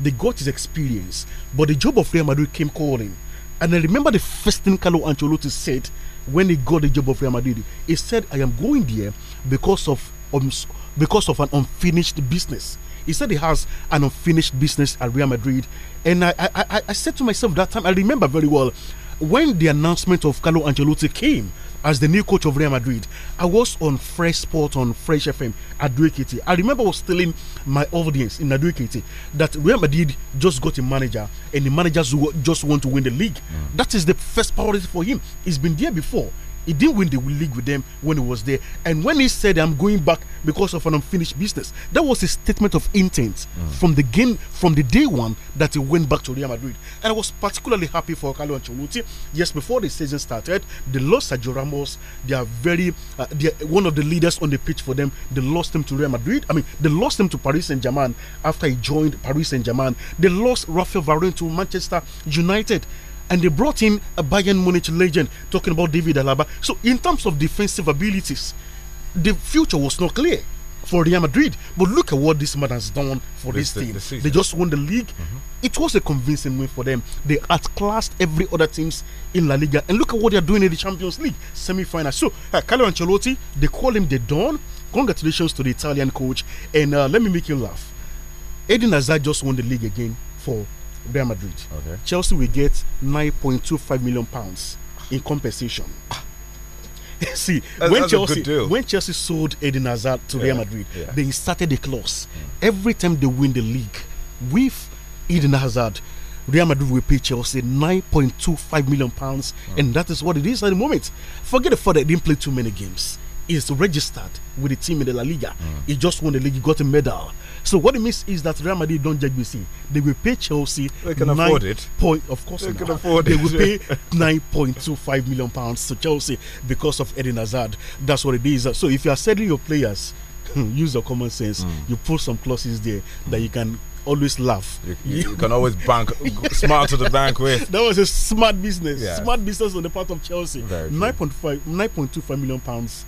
they got his experience, but the job of Real Madrid came calling. And I remember the first thing Carlo Ancelotti said when he got the job of Real Madrid. He said, "I am going there because of um, because of an unfinished business." He said he has an unfinished business at Real Madrid, and I I, I said to myself that time. I remember very well when the announcement of Carlo Ancelotti came as the new coach of Real Madrid. I was on Fresh Sport on Fresh FM at Duikiti. I remember I was telling my audience in Aduikiti that Real Madrid just got a manager and the managers just want to win the league. Mm. That is the first priority for him. He's been there before. He didn't win the league with them when he was there. And when he said, I'm going back because of an unfinished business, that was a statement of intent mm. from the game, from the day one that he went back to Real Madrid. And I was particularly happy for Carlo Ancelotti. Yes, before the season started, they lost Sergio Ramos. They are very, uh, they are one of the leaders on the pitch for them. They lost him to Real Madrid. I mean, they lost him to Paris Saint Germain after he joined Paris Saint Germain. They lost Rafael Varane to Manchester United and they brought in a Bayern Munich legend, talking about David Alaba. So, in terms of defensive abilities, the future was not clear for Real Madrid. But look at what this man has done for this, this team. The, the they just won the league. Mm -hmm. It was a convincing win for them. They outclassed every other teams in La Liga. And look at what they are doing in the Champions League semi-final. So, uh, Carlo Ancelotti, they call him the Don. Congratulations to the Italian coach. And uh, let me make you laugh. Eden Hazard just won the league again for Real Madrid. Okay. Chelsea will get 9.25 million pounds in compensation. <laughs> See, that's, when that's Chelsea when Chelsea sold Eden Hazard to yeah. Real Madrid, yeah. they started a clause. Mm. Every time they win the league, with Eden Hazard, Real Madrid will pay Chelsea 9.25 million pounds, mm. and that is what it is at the moment. Forget the fact that they didn't play too many games is registered with the team in the La Liga. Mm. He just won the league, he got a medal. So what it means is that Real Madrid don't judge BC. They will pay Chelsea. They can afford it. Point, of course, they can afford they it. will pay nine point two five million pounds to Chelsea because of Eden Hazard. That's what it is. So if you are selling your players, <laughs> use your common sense. Mm. You put some clauses there mm. that you can always laugh. You, you, can always bank <laughs> smart to the bank with. That was a smart business. Yeah. Smart business on the part of Chelsea. Nine point five, nine point two five million pounds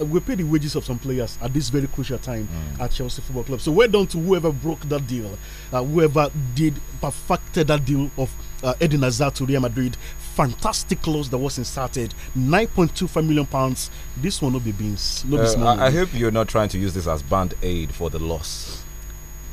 uh, we pay the wages of some players at this very crucial time mm. at Chelsea Football Club. So well done to whoever broke that deal, uh, whoever did perfected that deal of uh, Eden Hazard to Real Madrid. Fantastic loss that was inserted, 9.25 million pounds. This one will be beans. No uh, I, I hope you're not trying to use this as band aid for the loss.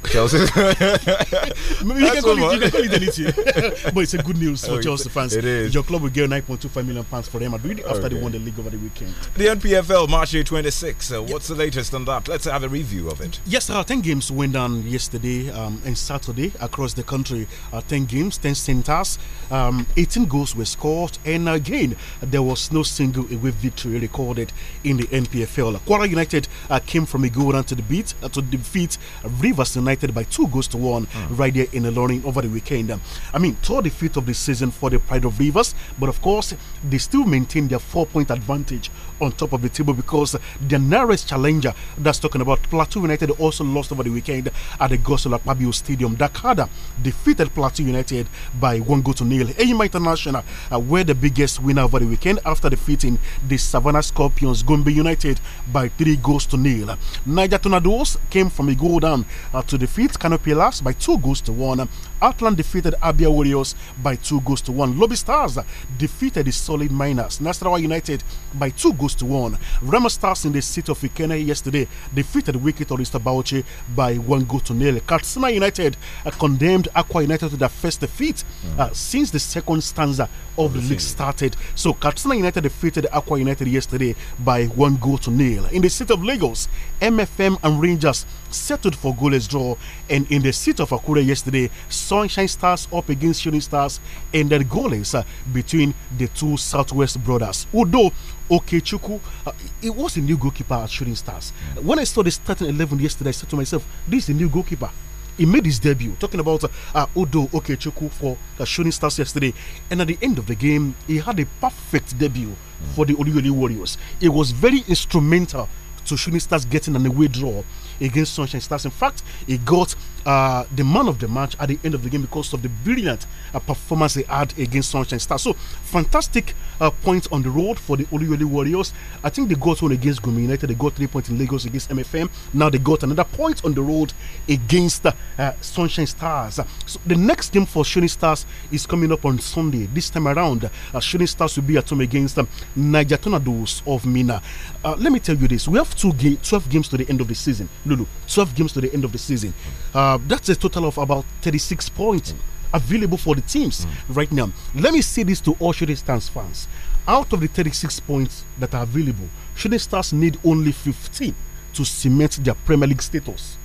Chelsea. <laughs> you, can call it, you can call it anything, but it's a good news for okay. Oh, Chelsea fans. It is. Your club will get 9.25 million pounds for them after okay. they won the league over the weekend. The NPFL March 26. Uh, what's the latest on that? Let's have a review of it. Yes, uh, ten games went down yesterday um, and Saturday across the country. Uh, ten games, ten centers, um, 18 goals were scored, and again there was no single away victory recorded in the NPFL. Quara United uh, came from a goal down to the beat uh, to defeat Rivers United. United by two goals to one mm. right there in learning over the weekend. I mean, toward the of the season for the Pride of Rivers, but of course, they still maintain their four point advantage on top of the table because the nearest challenger, that's talking about Plateau United, also lost over the weekend at the Gosula Pabio Stadium. Dakada defeated Plateau United by one goal to nil. AIMA International uh, were the biggest winner over the weekend after defeating the Savannah Scorpions Gombe United by three goals to nil. Niger Tornadoes came from a goal down uh, to defeat Canopilas by two goals to one. Atlan defeated Abia Warriors by two goals to one. Lobby Stars defeated the Solid Miners. Nasarawa United by two goals to one. Rama Stars in the city of Ikene yesterday defeated Wicked Orista Bauchi by one goal to nil. Katsina United uh, condemned Aqua United to their first defeat mm. Uh, since the second stanza of the league started. So Katsina United defeated Aqua United yesterday by one goal to nil. In the city of Lagos, MFM and Rangers settled for goalless draw. And in the seat of Akure yesterday, Sunshine Stars up against Shooting Stars ended goalless uh, between the two Southwest brothers. Although Okechuku, uh, it was a new goalkeeper at Shooting Stars. When I saw the starting 11 yesterday, I said to myself, this is a new goalkeeper he made his debut talking about uh, uh Odo Okechuku for the uh, Shooting Stars yesterday. And at the end of the game, he had a perfect debut for the Oluyole Warriors. It was very instrumental to Shooting Stars getting an away draw against Sunshine Stars. In fact, he got uh, the man of the match at the end of the game because of the brilliant uh, performance they had against Sunshine Stars. So, fantastic uh, points on the road for the Oluyole Warriors. I think they got one against Gumi United, they got three points in Lagos against MFM. Now they got another point on the road against uh, Sunshine Stars. So, the next game for Shooting Stars is coming up on Sunday. This time around, uh, Shooting Stars will be at home against um, Niger Tornadoes of Mina. Uh, let me tell you this we have two ga 12 games to the end of the season. Lulu. 12 games to the end of the season. Uh, that's a total of about 36 points available for the teams mm. right now. Let me say this to all Shooting Stars fans. Out of the 36 points that are available, Shooting Stars need only 15 to cement their Premier League status.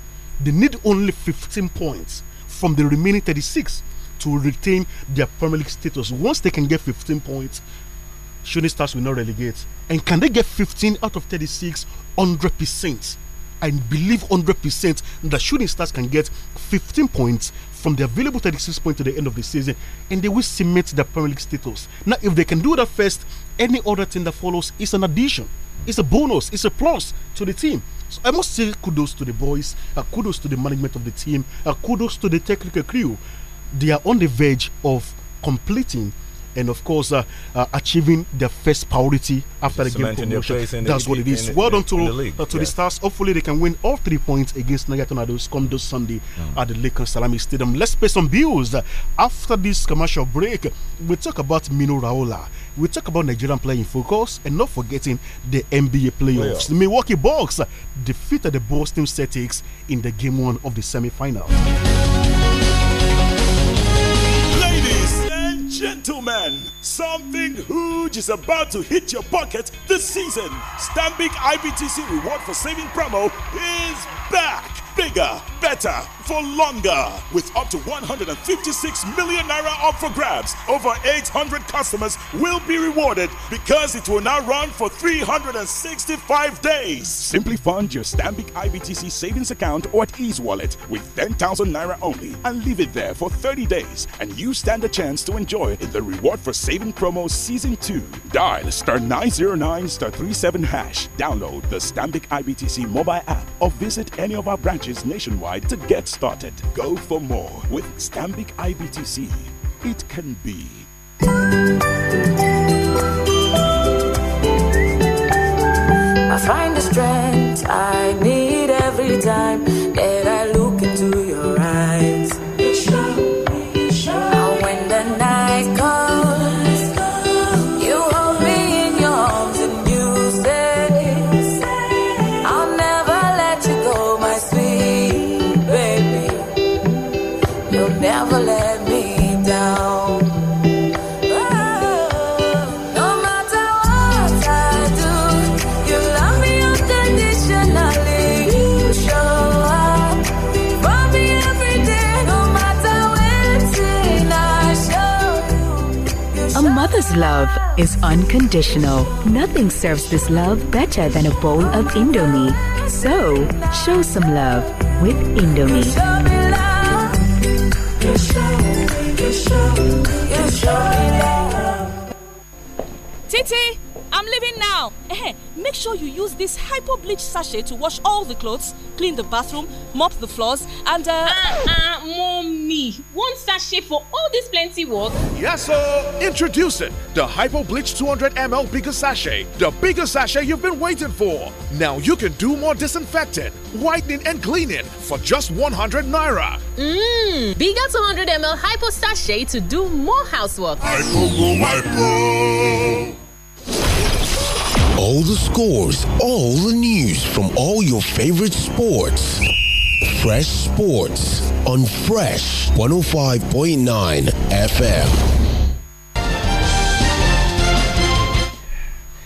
They need only 15 points from the remaining 36 to retain their Premier League status. Once they can get 15 points, Shooting Stars will not relegate. And can they get 15 out of 36 100%? I believe 100% that shooting stars can get 15 points from the available 36 points to the end of the season and they will cement their Premier League status. Now, if they can do that first, any other thing that follows is an addition, it's a bonus, it's a plus to the team. So I must say kudos to the boys, uh, kudos to the management of the team, uh, kudos to the technical crew. They are on the verge of completing and of course uh, uh, achieving their first priority after the game promotion. That's the, what it is. well done to the, uh, to the Stars. Hopefully they can win all three points against Niger Tornadoes come this Sunday mm. at the Lincoln Salami Stadium. Let's pay some bills. After this commercial break, we talk about Mino Raola. We talk about Nigerian playing focus and not forgetting the NBA playoffs. The Milwaukee Bucks defeated the Boston Celtics in the game one of the semifinals. Gentlemen, something huge is about to hit your pocket this season. Stambik IBTC reward for saving promo is back bigger, better, for longer. With up to 156 million naira up for grabs, over 800 customers will be rewarded because it will now run for 365 days. Simply fund your Stambic IBTC savings account or at Ease Wallet with 10,000 naira only and leave it there for 30 days, and you stand a chance to enjoy the reward for saving promo season 2. Dial star 909 star 37 hash. Download the Stambic IBTC mobile app or visit any of our branches branches nationwide to get started. Go for more with Stambic IBTC. It can be. I find the strength I need every time. is unconditional. Nothing serves this love better than a bowl of Indomie. So, show some love with Indomie. Titi, I'm leaving now. Make sure you use this hypo bleach sachet to wash all the clothes, clean the bathroom, mop the floors, and uh. uh, uh one sachet for all this plenty work? Yes, sir. Introducing the Hypo Bleach 200 ml bigger sachet, the bigger sachet you've been waiting for. Now you can do more disinfecting, whitening, and cleaning for just 100 naira. Mmm, bigger 200 ml Hypo sachet to do more housework. Hypo hypo. All the scores, all the news from all your favorite sports. Fresh Sports on Fresh 105.9 FM.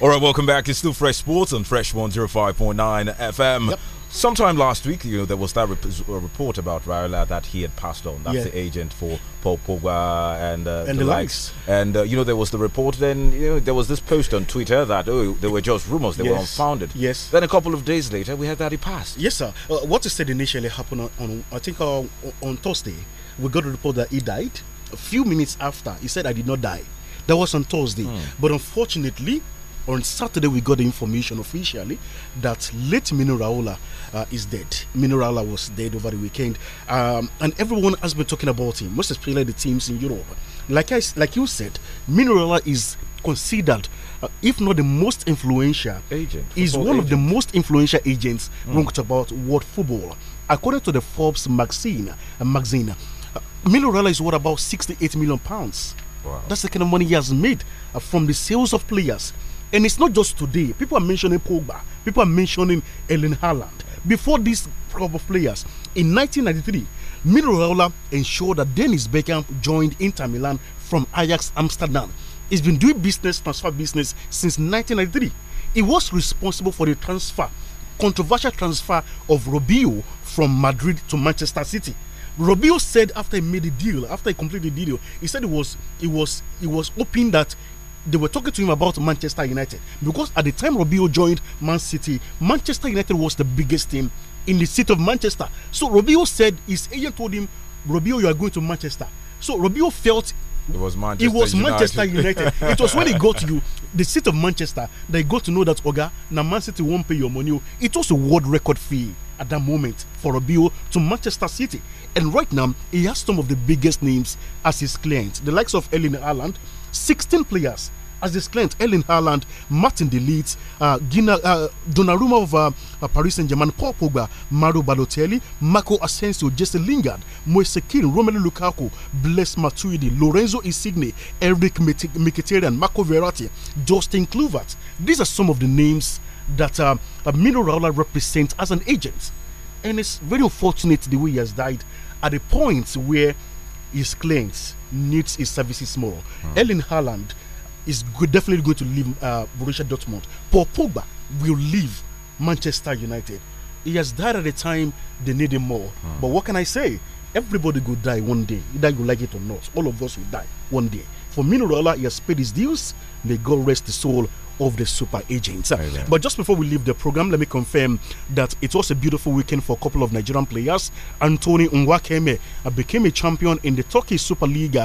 All right, welcome back. It's still Fresh Sports on Fresh 105.9 FM. Yep. Sometime last week, you know, there was that rep report about Raiola that he had passed on. That's yeah. the agent for Paul Pogba and, uh, and the, the, likes. likes. And uh, you know, there was the report. Then you know, there was this post on Twitter that oh, they were just rumors. They yes. were unfounded. Yes. Then a couple of days later, we had that he passed. Yes, sir. Uh, what is said initially happened on, on I think uh, on, on Thursday. We got a report that he died. A few minutes after, he said, "I did not die." That was on Thursday, hmm. but unfortunately on Saturday, we got the information officially that late Mineraula uh, is dead. Mineraula was dead over the weekend, um, and everyone has been talking about him, most especially the teams in Europe. Like I, like you said, Mineraula is considered, uh, if not the most influential agent, is one agent. of the most influential agents mm. talked about world football, according to the Forbes magazine. Uh, magazine, uh, is worth about 68 million pounds. Wow. That's the kind of money he has made uh, from the sales of players. And it's not just today. People are mentioning Pogba. People are mentioning Ellen Haaland. Before this crop of players, in 1993, Miro ensured that Dennis Beckham joined Inter Milan from Ajax Amsterdam. He's been doing business, transfer business since 1993. He was responsible for the transfer, controversial transfer of Robio from Madrid to Manchester City. Robio said after he made the deal, after he completed the deal, he said it was it was it was hoping that they were talking to him about Manchester United because at the time Robio joined Man City, Manchester United was the biggest team in the city of Manchester. So Robio said his agent told him, Robio, you are going to Manchester. So Robio felt it was Manchester. It was United. Manchester United. it was when he got to you, the city of Manchester, they got to know that Oga, now Man City won't pay your money. It was a world record fee at that moment for Robio to Manchester City. And right now, he has some of the biggest names as his clients. The likes of Ellen Ireland, 16 players as disclaimed Ellen Haaland, Martin De Ligt, uh, Gina, uh, Donnarumma of uh, uh Paris Saint-Germain, Paul Pogba, Mario Balotelli, Marco Asensio, Jesse Lingard, Moise Kean, Romelu Lukaku, Bless Matuidi, Lorenzo Insigne, Eric Mkhitaryan, Marco Verratti, Justin Kluivert. These are some of the names that uh, Mino represents as an agent. And it's very unfortunate the way he has died at a point where his claims needs his services more. Hmm. Ellen Haaland is good, definitely going to leave uh, Borussia Dortmund. Paul Pogba will leave Manchester United. He has died at a time they need him more. Hmm. But what can I say? Everybody will die one day, either you like it or not. All of us will die one day. For Minola, he has paid his dues. May God rest his soul of the super agents. But just before we leave the program, let me confirm that it was a beautiful weekend for a couple of Nigerian players. Anthony Nwakeme uh, became a champion in the Turkish Super League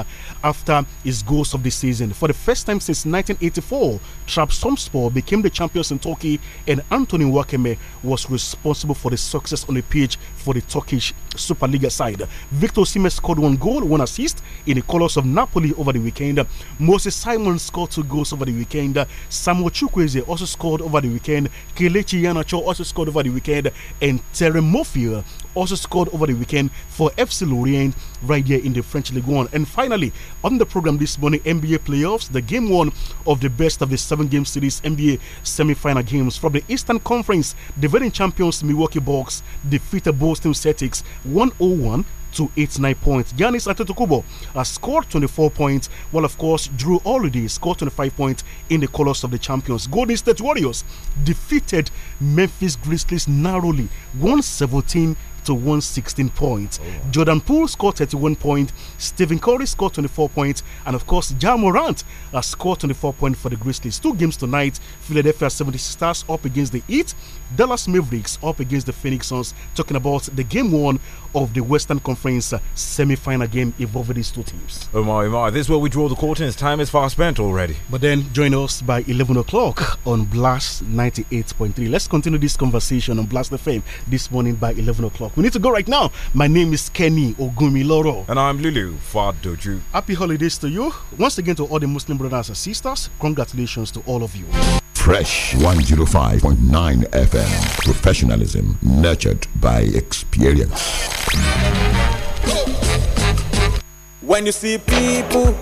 after his goals of the season. For the first time since 1984, Trabzonspor became the champions in Turkey, and Anthony Nwakeme was responsible for the success on the pitch for the Turkish Super League side. Victor Sime scored one goal, one assist in the colours of Napoli over the weekend. Moses Simon scored two goals over the weekend. Sam Samuel also scored over the weekend. Kelechi Iheanacho also scored over the weekend. And Terry Mofia also scored over the weekend for FC Lorient right here in the French League One. And finally, on the program this morning, NBA playoffs, the game one of the best of the seven game series NBA semi-final games from the Eastern Conference. The defending champions Milwaukee Bucks defeated Boston Celtics 101 to 89 points. Giannis Antetokounmpo has scored 24 points, while of course Drew Holiday scored 25 points in the colors of the champions. Golden State Warriors defeated Memphis Grizzlies narrowly, 117 to 16 points. Oh, wow. Jordan Poole scored 31 points. Stephen Curry scored 24 points. And of course, Jamal Morant has scored 24 points for the Grizzlies. Two games tonight Philadelphia 76ers up against the Heat, Dallas Mavericks up against the Phoenix Suns. Talking about the game one of the Western Conference semifinal semi final game involving these two teams. Oh my, my. This is where we draw the curtains. Time is far spent already. But then join us by 11 o'clock on Blast 98.3. Let's continue this conversation on Blast the Fame this morning by 11 o'clock. We need to go right now. My name is Kenny Ogumiloro. And I'm Lulu Fadoju. Happy holidays to you. Once again to all the Muslim brothers and sisters, congratulations to all of you. Fresh 105.9 FM. Professionalism nurtured by experience. When you see people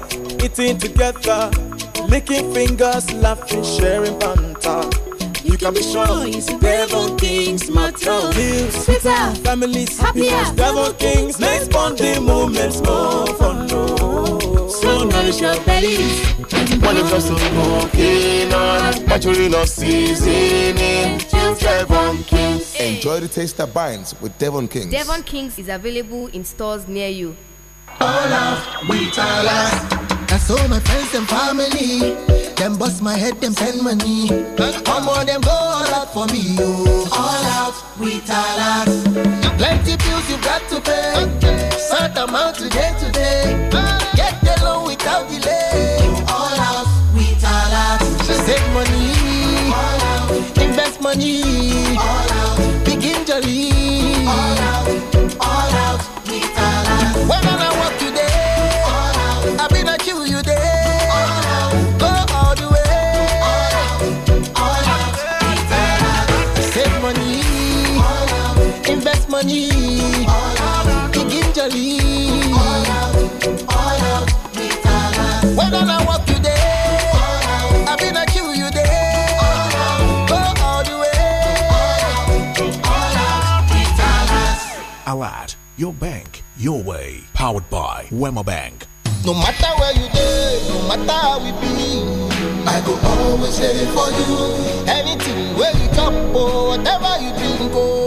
eating together, licking fingers, laughing, sharing banter. You, can, be sure it's devil things matter. Live sweeter, families happier. Devil Kings makes bonding moments more fun. Oh. So nourish your bellies. When it comes to smoking on, naturally love seasoning. Choose Devon Kings. Enjoy the taste that binds with Devon Kings. Devon Kings is available in stores near you. All of, we tell us. That's all my friends and family. Them bust my head, them send money. How more them go all out for me, yo. All out with all us. Plenty bills you got to pay. Okay. Sort amount today, today. Get the loan without delay. All out with all out. Save money. All out. Invest money. All money. All out. Big injury. All out. All out. I walk been a you there. Go all the way. All out. Arad, your bank, your way. Powered by Wema Bank. No matter where you go, no matter how we be. I go always ready for you. Anything where you chop or oh, whatever you drink, oh.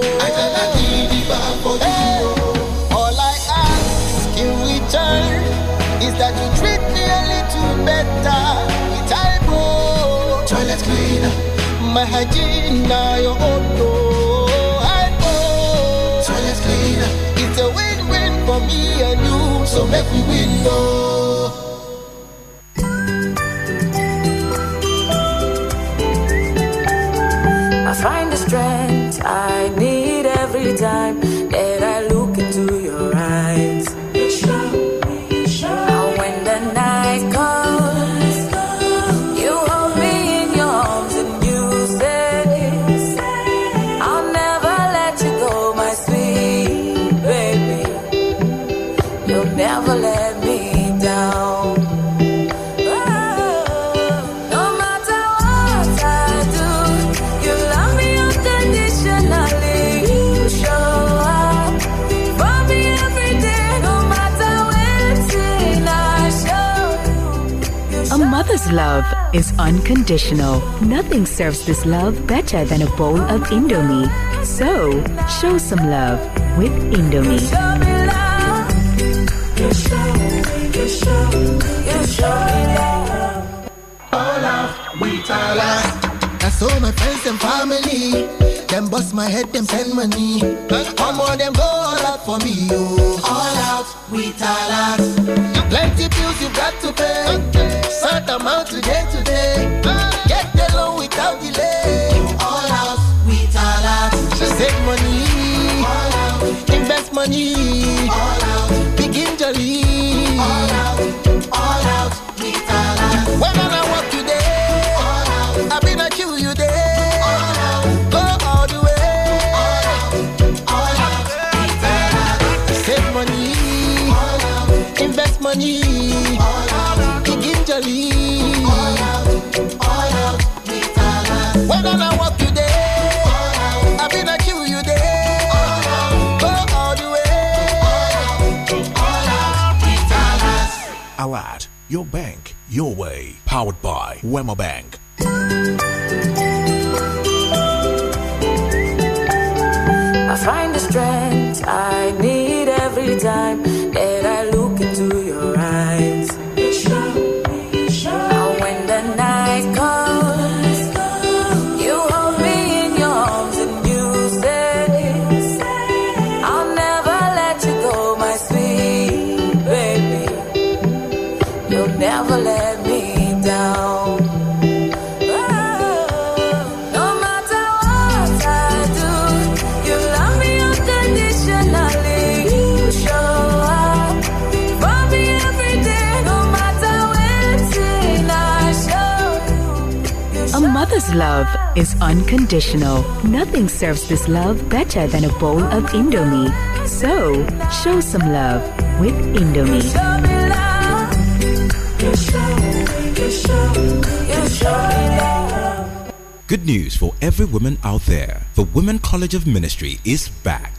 All I ask in return is that you treat me a little better. I cleaner, my hygiene now your toilet cleaner. It's a win-win for me and you, so make me win. Oh. love is unconditional. Nothing serves this love better than a bowl of Indomie. So, show some love with Indomie. Hola, we That's all my friends and family. Them bust my head, them send money. How more, them go all out for me. Oh. All out, we Plenty beauty them out today, today. Get the loan without delay. Do All out, with all out. Save money, all out. invest money. Your bank, your way. Powered by Wemo Bank. I find the strength I need every time love is unconditional. Nothing serves this love better than a bowl of Indomie. So, show some love with Indomie. Good news for every woman out there. The Women College of Ministry is back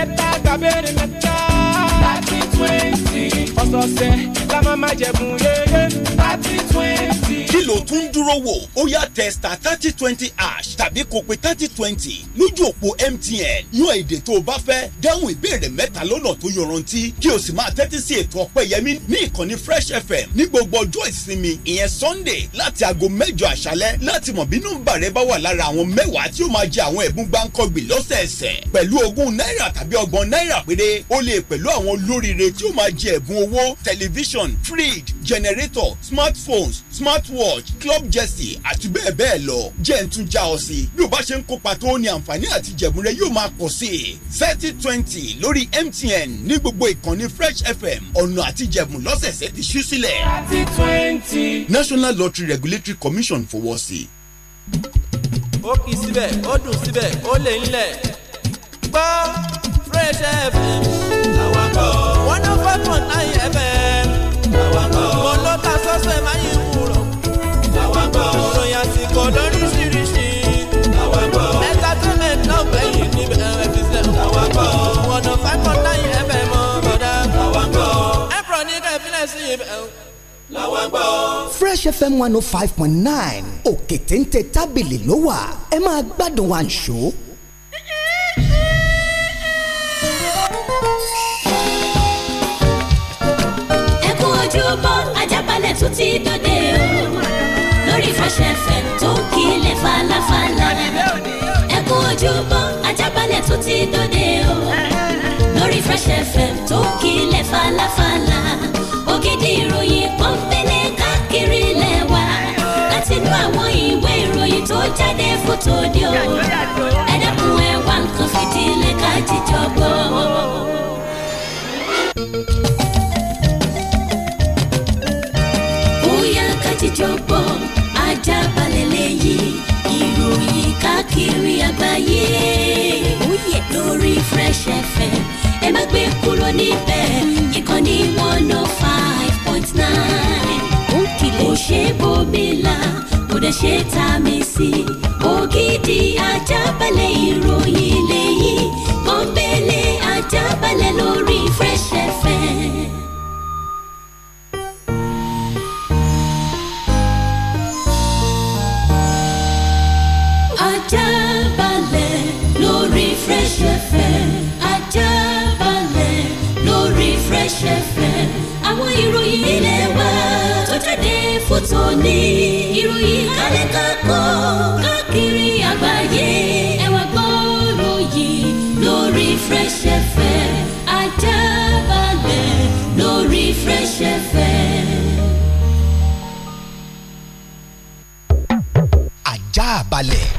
mẹ́ta tàbẹ́rẹ́ mẹ́ta. thirty twenty ọ̀sọ̀ọ̀sẹ̀ la máa máa jẹ̀bùn yéyé. thirty twenty ló tún dúró wò ó yá testa thirty twenty ash tàbí kope thirty twenty lójú òpó mtn yan èdè tó o bá fẹ́ dáhùn ìbéèrè mẹ́ta lọ́nà tó yọrantí kí o sì máa tẹ́tí sí ètò ọpẹ́yẹmí ní ìkànnì fresh fm ní gbogbo ọjọ́ ìsinmi ìyẹn sunday láti aago mẹ́jọ àṣálẹ́ láti mọ̀ bínú bàrẹ́ bá wà lára àwọn mẹ́wàá tí ó máa jẹ àwọn ẹ̀bùn gbáǹkọ́gbìn lọ́sẹ̀ẹsẹ̀ pẹ̀lú ogún náírà tàbí ọgbọ̀n náírà péré ó lè pẹ̀lú àwọn olóríire tí ó máa jẹ ẹ̀bùn owó tẹlifíṣàn fridge generator smartphones smartwatch lounge club jersey àti bẹ́ẹ̀ bẹ́ẹ̀ lọ jẹ́ ń tún já ọ sí bí o bá ṣe ń kópa tó ní àǹfààní àti jẹ̀bùn rẹ yóò máa pọ̀ sí i thirty twenty lórí MTN ní gbogbo ìkànnì Fresh FM ọ̀nà àti jẹ̀bùn lọ́sẹ̀ẹ̀sẹ̀ ti ṣú sílẹ̀. thirty twenty. National Lottery Regulatory Commission fowọ́ sí. ó kì í síbẹ̀ ó dùn síbẹ̀ ó lè ń lẹ̀ gbọ́ Fresh FM àwọn kan one oh five point nine FM àwọn kan mo ló ta sọ́sẹ̀ máa yin. Fresh FM one oh five point nine òkè téńté tábìlì ló wà ẹ máa gbádùn wa ń ṣó. ẹ kú ojúbọ Ajaabale tún ti dòde o lórí Fresh FM tó ń kílẹ̀ falafala ẹ kú ojúbọ ti dòde o lórí Fresh FM tó kílẹ̀ falafala ògidì ìròyìn pọ́npẹ́lẹ́ káàkiri lẹ́wà láti inú àwọn ìwé ìròyìn tó jáde fótó di o ẹ dẹ́kun ẹ wá nǹkan fìdílé ká jíjọ gbọ́. bóyá ká jíjọ gbọ́ ajá balẹ̀ lẹ́yìn ìròyìn káàkiri àgbáyé yẹ. lórí Fresh FM ẹ má gbé kúrò níbẹ̀ ìkànnì one oh five point nine. ó kìlẹ̀ ó ṣe bòmílà kò dẹ̀ ṣe tá a mi sí. ògidì ajábalẹ̀ ìròyìn lẹ́yìn pọ́npẹ́lẹ́ ajábalẹ̀ lórí Fresh FM. Fresh FM àwọn ìròyìn ilé wa tó jáde fún tòní ìròyìn kálẹ̀ kákọ́ káàkiri àgbáyé ẹ wá gbọ́rọ̀ yìí lórí Fresh FM ajá balẹ̀ lórí Fresh FM. ajá balẹ̀.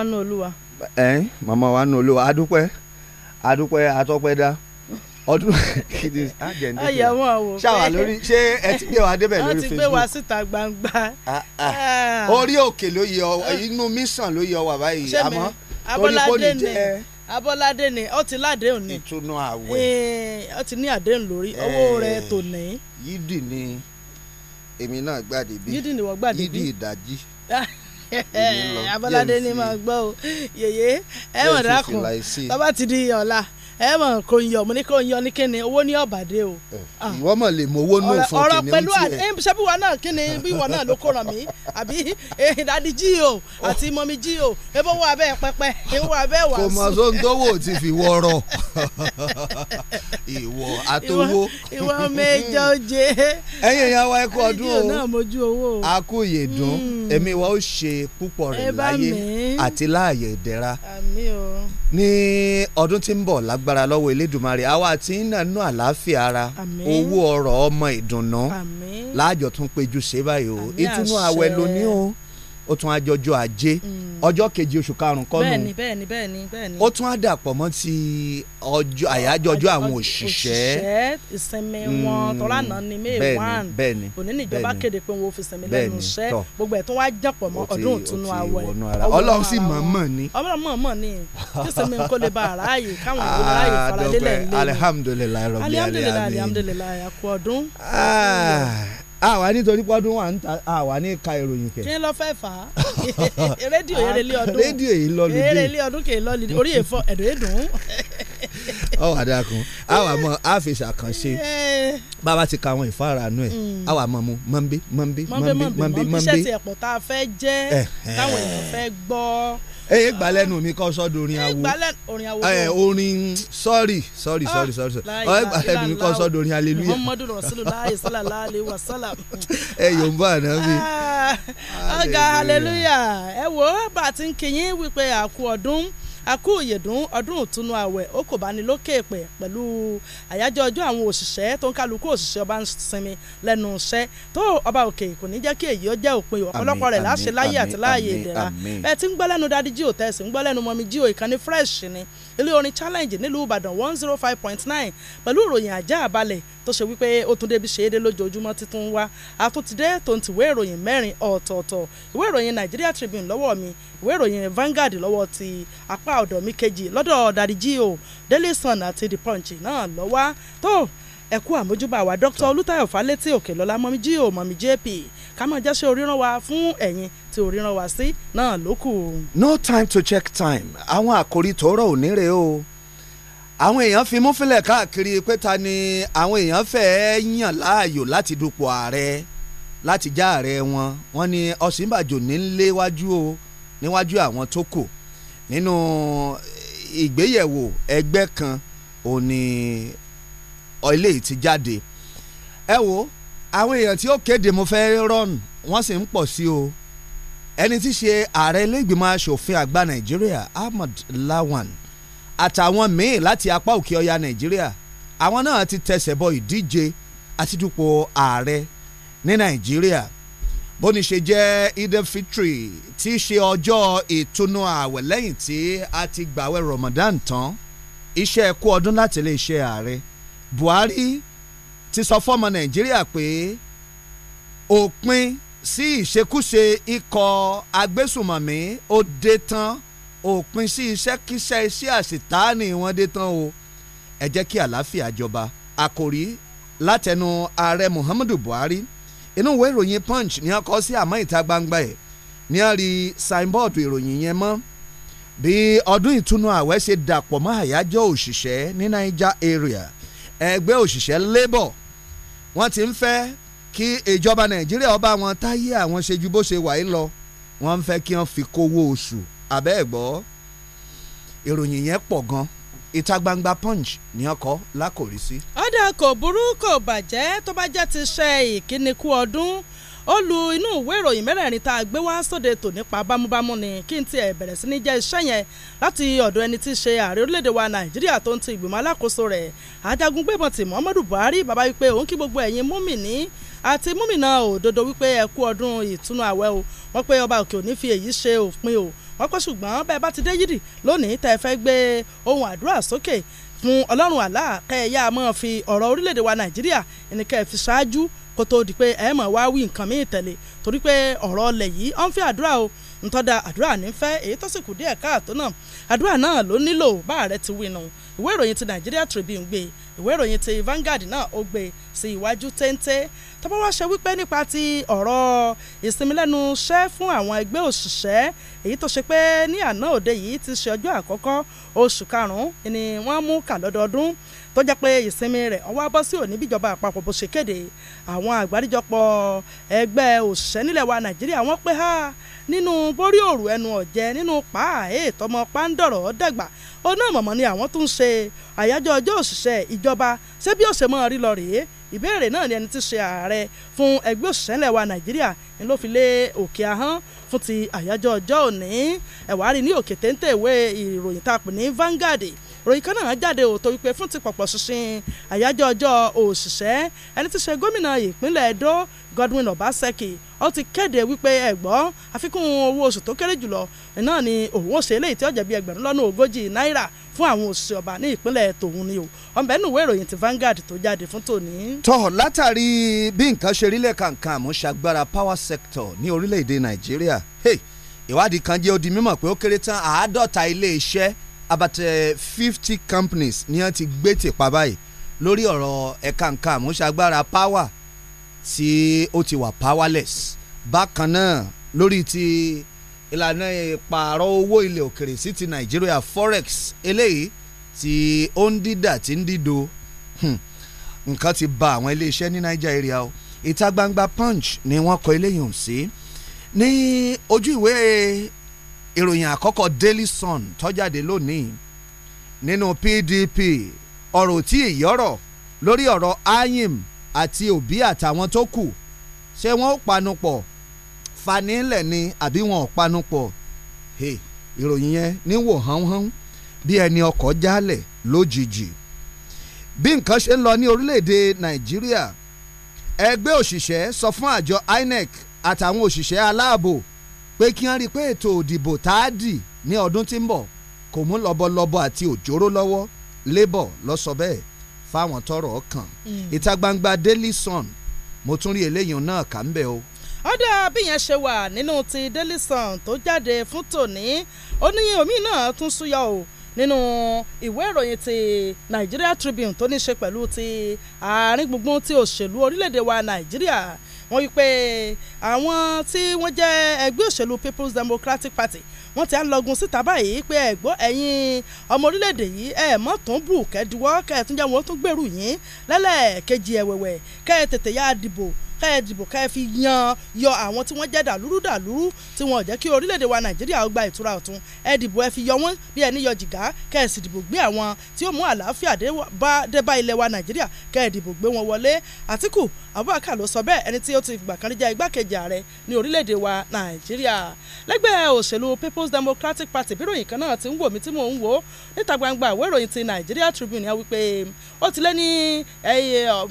wa nù olúwa. ẹ màmá wa nù olúwa adúpẹ́ adúpẹ́ atọ́pẹ́dá ọdún kìdí àjẹndé ṣáwa lórí ṣé ẹ ti gbé wa débẹ̀ lórí Facebook. wọ́n ti gbé wa síta gbangba. Ah, ah. Ah. orí òkè ló yọ inú mission ló yọ wà báyìí àmọ́ torí poli jẹ́ abọ́ládé ni ó ti ládéhùn ni ìtùnú àwẹ̀ ó ti ní àdéhùn lórí owó rẹ̀ tó ní. yídì ni èmi náà gbàdébí yídì ni wọ́n gbàdébí yídì ìdájí. <laughs> abọ́ládé ni màá gbọ́ o yèyé ẹ dákun tọ́ba ti di ọ̀la ẹ mọ̀ kò ń yọ mo ní kò ń yọ ní kíni owó ní ọ̀bàdé o. Ah. ìwọ mọ̀ lè mọ owó náà fún kìnìún tiẹ̀. ọ̀rọ̀ pẹ̀lú ṣẹ́bí wa náà kíni bí wọn náà ló kó ràn mí àbí <laughs> eh, dadi jí o àti <laughs> mọ́mí jí o ebó wà bẹ́ẹ̀ pẹ́pẹ́ ìwà bẹ́ẹ̀ wà sí. kò mọ sóńtówó ti fi wọrọ <laughs> ìwọ àtowó. ìwọ mẹjọ jẹ. ẹ̀yin ìyá wa ẹ ọdún o akóye dùn hmm. ẹ̀mí wa ó ṣe púpọ̀ rẹ̀ láyé àti láàyè ìdẹ̀ra. o ní ọdún tí ń bọ̀ lágbára lọ́wọ́ elédùnmarè àwa àti nínú àlàáfíà ara owó ọ̀rọ̀ ọmọ ìdùnnú láàjọ tún péjú ṣe báyìí o ìtùnú àwẹ̀ lóní o ó tún àjọjọ ajé mm. ọjọ́ kejì oṣù karùn-ún kọ́nù bẹ́ẹ̀ni bẹ́ẹ̀ni bẹ́ẹ̀ni bẹ́ẹ̀ni ó tún àdàpọ̀ mọ́ ti ọjọ́ àyájọ́ ọjọ́ àwọn òṣìṣẹ́ òṣìṣẹ́ ìsinmi wọn mm. tọ́lá náà ni may one bẹ́ẹ̀ni òní níjọba kéde pé wọn ò fi sinmi lẹ́nu iṣẹ́ gbogbo ẹ̀ tó wá jẹ́pọ̀ mọ́ ọdún òtún àwẹ̀ ọlọ́run sì mọ̀ọ́mọ̀ ni ọlọ́run mọ̀ọ́mọ̀ ni kí sinmi kó lè ba àráyè káwọn ìlú <laughs> ráyè faradélẹ̀ ńlẹ̀ alihamudulilayi rọ̀bì alihamudulilayi alihamudulilayi akọ ọdún. Ah àwa nítorí pọ́dún wà ń ta àwa ní ka ìròyìn kẹ. kí ló fẹ́ fà á <laughs> rédíò eré lé ọdún rédíò yìí lọ lùdí eré lé ọdún kì í lọ lùdí orí èèfọ ẹ̀dùn èdùn. ọwọ adakun àwa mọ àfẹsẹ àkànṣe bàbá eh. ti ka àwọn ìfaranu ẹ àwa hmm. mọ mu mọ̀nbé mọ̀nbé mọ̀nbé mọ̀nbé mọ̀nbé iṣẹ́ ti ẹ̀pọ̀ tá a fẹ́ jẹ́ táwọn èèyàn fẹ́ gbọ́ ẹ gbà lẹ́nu mi kọ́ sọ́dọ̀ orin awo orin awo ẹ orin sorry sorry ah, sorry sorry ẹ gbà lẹ́nu mi kọ́ sọ́dọ̀ orin hallelujah. muhammadu rasulillah sallallahu alayhi wa sallam. ẹ yóò bá àná mi. Ah, ọ̀gá hallelujah ẹ wo bá a ti ń kí yín wípé àkú ọdún akú ìyèdún ọdún ìtúnu àwẹ̀ ó kò bá ní lókè èpè pẹ̀lú àyájọ́ ọjọ́ àwọn òṣìṣẹ́ tó ń kálukú òṣìṣẹ́ ọba ń sinmi lẹ́nu iṣẹ́ tó ọba òkè kò ní jẹ́ kí èyí ó jẹ́ òpin ọ̀pọ̀lọpọ̀ rẹ̀ láṣẹ láyé àti láàyè ìdẹ̀ra ẹ ti ń gbọ́ lẹ́nu Daddy G.O tẹ̀sí ń gbọ́ lẹ́nu mọ́mí G.O ìkànnì fresh ni ilé orin challenge nílùú ìbàdàn one zero five point nine pẹ̀lú ìròyìn ajá àbálẹ̀ tó ṣe wípé ó tún débi ṣe é dé lójoojúmọ́ títún wá àtúntìdé tó ń tìwé ìròyìn mẹ́rin ọ̀tọ̀ọ̀tọ̀ ìwé ìròyìn Nigeria Tribune lọ́wọ́ mi ìwé ìròyìn Vanguard lọ́wọ́ ti apá ọ̀dọ̀ mi kejì lọ́dọ̀ Daddy G.O. Daily Sun àti The Punch náà lọ́wọ́ tó ẹ̀kú àmójúbà wa Dr. Olùtayọ̀ Fálétí Òkèlọ́lá mọ́mí G.O. mọ́mí J.P ká máa jẹ́ ṣe oríran wa fún ẹ̀yin tí oríran wa sí náà ló kù. no time to check time àwọn àkòrí tòórọ̀ òní rè o àwọn èèyàn fi mú fílẹ̀ káàkiri pé ta ni àwọn èèyàn fẹ́ẹ́ yàn láàyò láti dupò ààrẹ láti já ààrẹ wọn wọn ni Ọ̀ṣínbàjò ní léwájú o níwájú àwọn tó kù nínú ìgbéyẹ̀wò ẹgbẹ́ kan òní ilé yìí ti jáde ẹ wo àwọn èèyàn tí ó kéde mo fẹ́ rọ́ọ̀nù wọ́n sì ń pọ̀ sí o ẹni tí ṣe ààrẹ ilé asòfin àgbà nàìjíríà ahmad lawan àtàwọn míín láti apá òkè ọya nàìjíríà àwọn náà ti tẹsẹ̀ bọ ìdíje àti dupò ààrẹ ní nàìjíríà bóni ṣe jẹ́ idel fitri tí í ṣe ọjọ́ ìtúnu ààwẹ̀ lẹ́yìn tí a ti gbàwẹ̀ ramadan tán iṣẹ́ ẹ̀kú ọdún láti lè ṣe ààrẹ buhari ti sọ fọ́mọ nàìjíríà pé òpin sí ìṣekúṣe ikọ̀ agbésùmọ̀mí ó dé tán òpin sí iṣẹ́kíṣẹ́ iṣẹ́ àṣetáàní wọn dé tán o ẹ jẹ́ kí àlàáfíà jọba àkòrí látẹnu ààrẹ muhammadu buhari inú ìwé ìròyìn punch ni a kọ sí àmọ́ ìta gbangba ẹ̀ ní a rí signboard ìròyìn yẹn mọ́ bí ọdún ìtúnu ààwẹ̀ ṣe dàpọ̀ mọ́ àyájọ́ òṣìṣẹ́ ní niger area ẹgbẹ́ òṣìṣẹ́ labour wọ́n ti ń fẹ́ kí ìjọba nàìjíríà ọba wọn táyé àwọn ṣe ju bó ṣe wà yìí lọ wọ́n ń fẹ́ kí wọ́n fi kówó oṣù abẹ́ ìròyìn yẹn pọ̀ gan ìta gbangba punch ní ọkọ lákòrí sí. ọ̀dà kò burú kò bàjẹ́ tó bá jẹ́ ti ṣe ìkíni kú ọdún ó lu inú ìwé ìròyìn mẹ́rẹ̀ẹ̀rin tá a gbé wá sóde tò nípa bámúbámú ni kí n tiẹ̀ bẹ̀rẹ̀ sí ní jẹ́ iṣẹ́ yẹn láti ọ̀dọ̀ ẹni tí í ṣe ààrẹ orílẹ̀-èdè wa nàìjíríà tó ń ti ìgbìmọ̀ alákòóso rẹ̀ ajagun gbébọn ti muhammadu buhari bàbá wípé òun kí gbogbo ẹ̀yin múmìnì àti múmìnà òdodo wípé ẹ kú ọdún ìtúnú àwẹ̀ o wọ́n pé ọba òkè òní fi èyí ṣe òpin o wọ́n pé ṣùgbọ́n bẹ́ẹ̀ bá ti dé yídì lónìí tẹ́ ẹ fẹ́ gbé ohun àdúrà sókè fún ọlọ́run àlá kẹ́ ẹ yá a máa fi ọ̀rọ̀ orílẹ̀-èdè wa nàìjíríà ẹnìkẹ́ fi ṣáájú kó tó di pé ẹ mọ̀ wá wí nǹkan míì tẹ̀lé torí pé ọ̀rọ̀ ọlẹ̀ yìí ọ̀n fẹ́ àdúrà o ntọ́da àdúrà ní fẹ́ èyí tó sì kù díẹ̀ káàtó náà àdúrà náà ló nílò bá ààrẹ ti winu ìwé ìròyìn ti Nigeria Tribune gbé ìwé ìròyìn ti Vanguard náà ó gbé sí iwájú téńté tọ́pọ́ wá ṣe wípé nípa ti ọ̀rọ̀ ìsinmi lẹ́nu iṣẹ́ fún àwọn ẹgbẹ́ òṣìṣẹ́ èyí tó ṣe pé ní àná òde yìí ti ṣe ọjọ́ àkọ́kọ́ oṣù karùn-ún ni wọ́n mú kà lọ́dọọdún tó jẹ́ pé ìsinmi rẹ̀ ọwọ́ abọ́ sí òní bíjọba àpapọ̀ bó ṣe kéde àwọn àgbáríjọpọ̀ ẹgbẹ́ òṣìṣẹ́ nílẹ̀ wa Nàìjíríà wọ́n pé ha nínú borí òrù ẹnu ọ̀jẹ́ nínú pa èètò ọmọ pàǹdọ̀rọ̀ dàgbà ó náà mọ̀mọ́ ni àwọn tún ń ṣe àyájọ́ ọjọ́ òṣìṣẹ́ ìjọba ṣé bí òṣèmọ́ rí lọ rèé ìbéèrè náà ni ẹni tí ṣe ààrẹ fún ẹgbẹ́ òṣìṣẹ́ ńlẹ̀ wa Nàìjíríà ni ló fi lé òkè ahọ́n fún ti àyájọ́ ọjọ́ òní ẹ̀wárí ní òkè téńté ìwé ìròyìn tá ní Vanguard ròyìn kan náà jáde ó tó wípé fún ti pọ̀pọ̀ ṣinṣin àyájọ́ ọjọ́ òṣìṣẹ́ ẹni tí ṣe gómìnà ìpínlẹ̀ Edo Godwin Obaseki ó ti kéde wípé ẹ̀gbọ́n àfikún owó oṣù tó kéré jùlọ náà ni òun ó ṣe eléyìí tí ó jẹ́ ẹgbẹ̀rún lọ́nà ogójì náírà fún àwọn òṣìṣẹ́ ọba ní ìpínlẹ̀ tòun ni o ọ̀nbẹ́ nù ìwé ìròyìn ti Vanguard tó jáde fún tòní. tọ́ látàrí bí nǹkan ṣe rí lẹ́kàǹkà àmúṣagbára power sector ní orílẹ̀-èdè Nàìjíríà ìwádìí kan jẹ́ ó di mímọ̀ pé ó kéré tán àádọ́ta ilé iṣẹ́ about uh, fifty uh, companies ni wọ́n ti gbé tìpa báyìí lórí ọ̀rọ̀ ẹ̀ka nǹkan àmúṣagbára power tí ó ti wà powerless bákan náà lórí ti ìlànà ìpààrọ̀ owó ilẹ̀ òkèrè sí ti nàìjíríà forex eléyìí tí ó ń dídà tí ń dídò hmm. nǹkan ti ba àwọn iléeṣẹ́ ní nàìjíríà o ìta gbangba punch ni wọ́n kọ eléyìí hùn sí ní ojú ìwé ìròyìn àkọ́kọ́ Daily Sun tọ́jáde lónìí nínú PDP ọ̀rọ̀ tí ìyọ́rọ̀ lórí ọ̀rọ̀ ayim àti òbí àtàwọn tó kù ṣé wọ́n ó panupọ̀ fanilẹ̀ ni àbí wọn ò panupọ̀ ìròyìn yẹn ní wò hánhán bí ẹni ọkọ̀ jálẹ̀ lójijì bí nǹkan ṣe ń lọ ní orílẹ̀-èdè Nàìjíríà ẹgbẹ́ òṣìṣẹ́ sọ fún àjọ INEC àtàwọn òṣìṣẹ́ aláàbò pé kí wọ́n rí i pé ètò òdìbò tá a dì ní ọdún tí ń bọ̀ kò mú lọ́bọ̀lọ́bọ̀ àti òjòrò lọ́wọ́ labour lọ sọ bẹ́ẹ̀ fáwọn tọrọ kàn mm. ìta gbangba Daily Sun mo tún rí eléyìí náà kà ń bẹ̀ o ọ̀dà bíyẹn ṣe wà nínú ti Daily Sun tó jáde fún tòní ó ní omi náà tún súyọ o nínú ìwé ìròyìn ti Nigeria Tribune tó ní ṣe pẹ̀lú ti àárín gbùngbùn ti òṣèlú orílẹ̀-èdè wa Nàìjíríà wọ́n wípé àwọn tí wọ́n jẹ́ ẹgbẹ́ òṣèlú People's Democratic Party wọ́n ti á lọ́gun síta báyìí pé ẹ̀gbọ́n ẹ̀yin ọmọ orílẹ̀-èdè yìí ẹ̀ mọ́ tó ń bù kẹ́díwọ́ kẹ́ẹ̀túnjẹ́ wọn tó ń gbèrú yín lẹ́lẹ́ẹ̀kejì ẹ̀wẹ̀wẹ̀ kẹ́ẹ̀ tètè yá dìbò kẹ́ dìbò kẹ́ fi yan yọ àwọn tí wọ́n jẹ́ dàlúrú dàlúrú tí wọ́n jẹ́ kí orílẹ̀-èdè wa nàìjíríà gba ìtura ọ̀tun ẹ dìbò ẹ fi yọ wọ́n bí ẹni yọ jìgá kẹ́ sì dìbò gbé àwọn tí ó mú àlàáfíà dé bá ilẹ̀ wa nàìjíríà kẹ́ dìbò gbé wọn wọlé àtìkù Abubakar ló sọ bẹ́ẹ̀ ẹni tí ó ti gbà kan jẹ́ igbákejì ààrẹ ní orílẹ̀-èdè wa Nàìjíríà lẹ́gbẹ́ òṣèlú People's Democratic Party bí ròyìn kan náà ti ń wò mí tí mò ń wò ó níta gbangba àwọn ìròyìn ti Nigeria Tribune ya wípé ó ti lé ní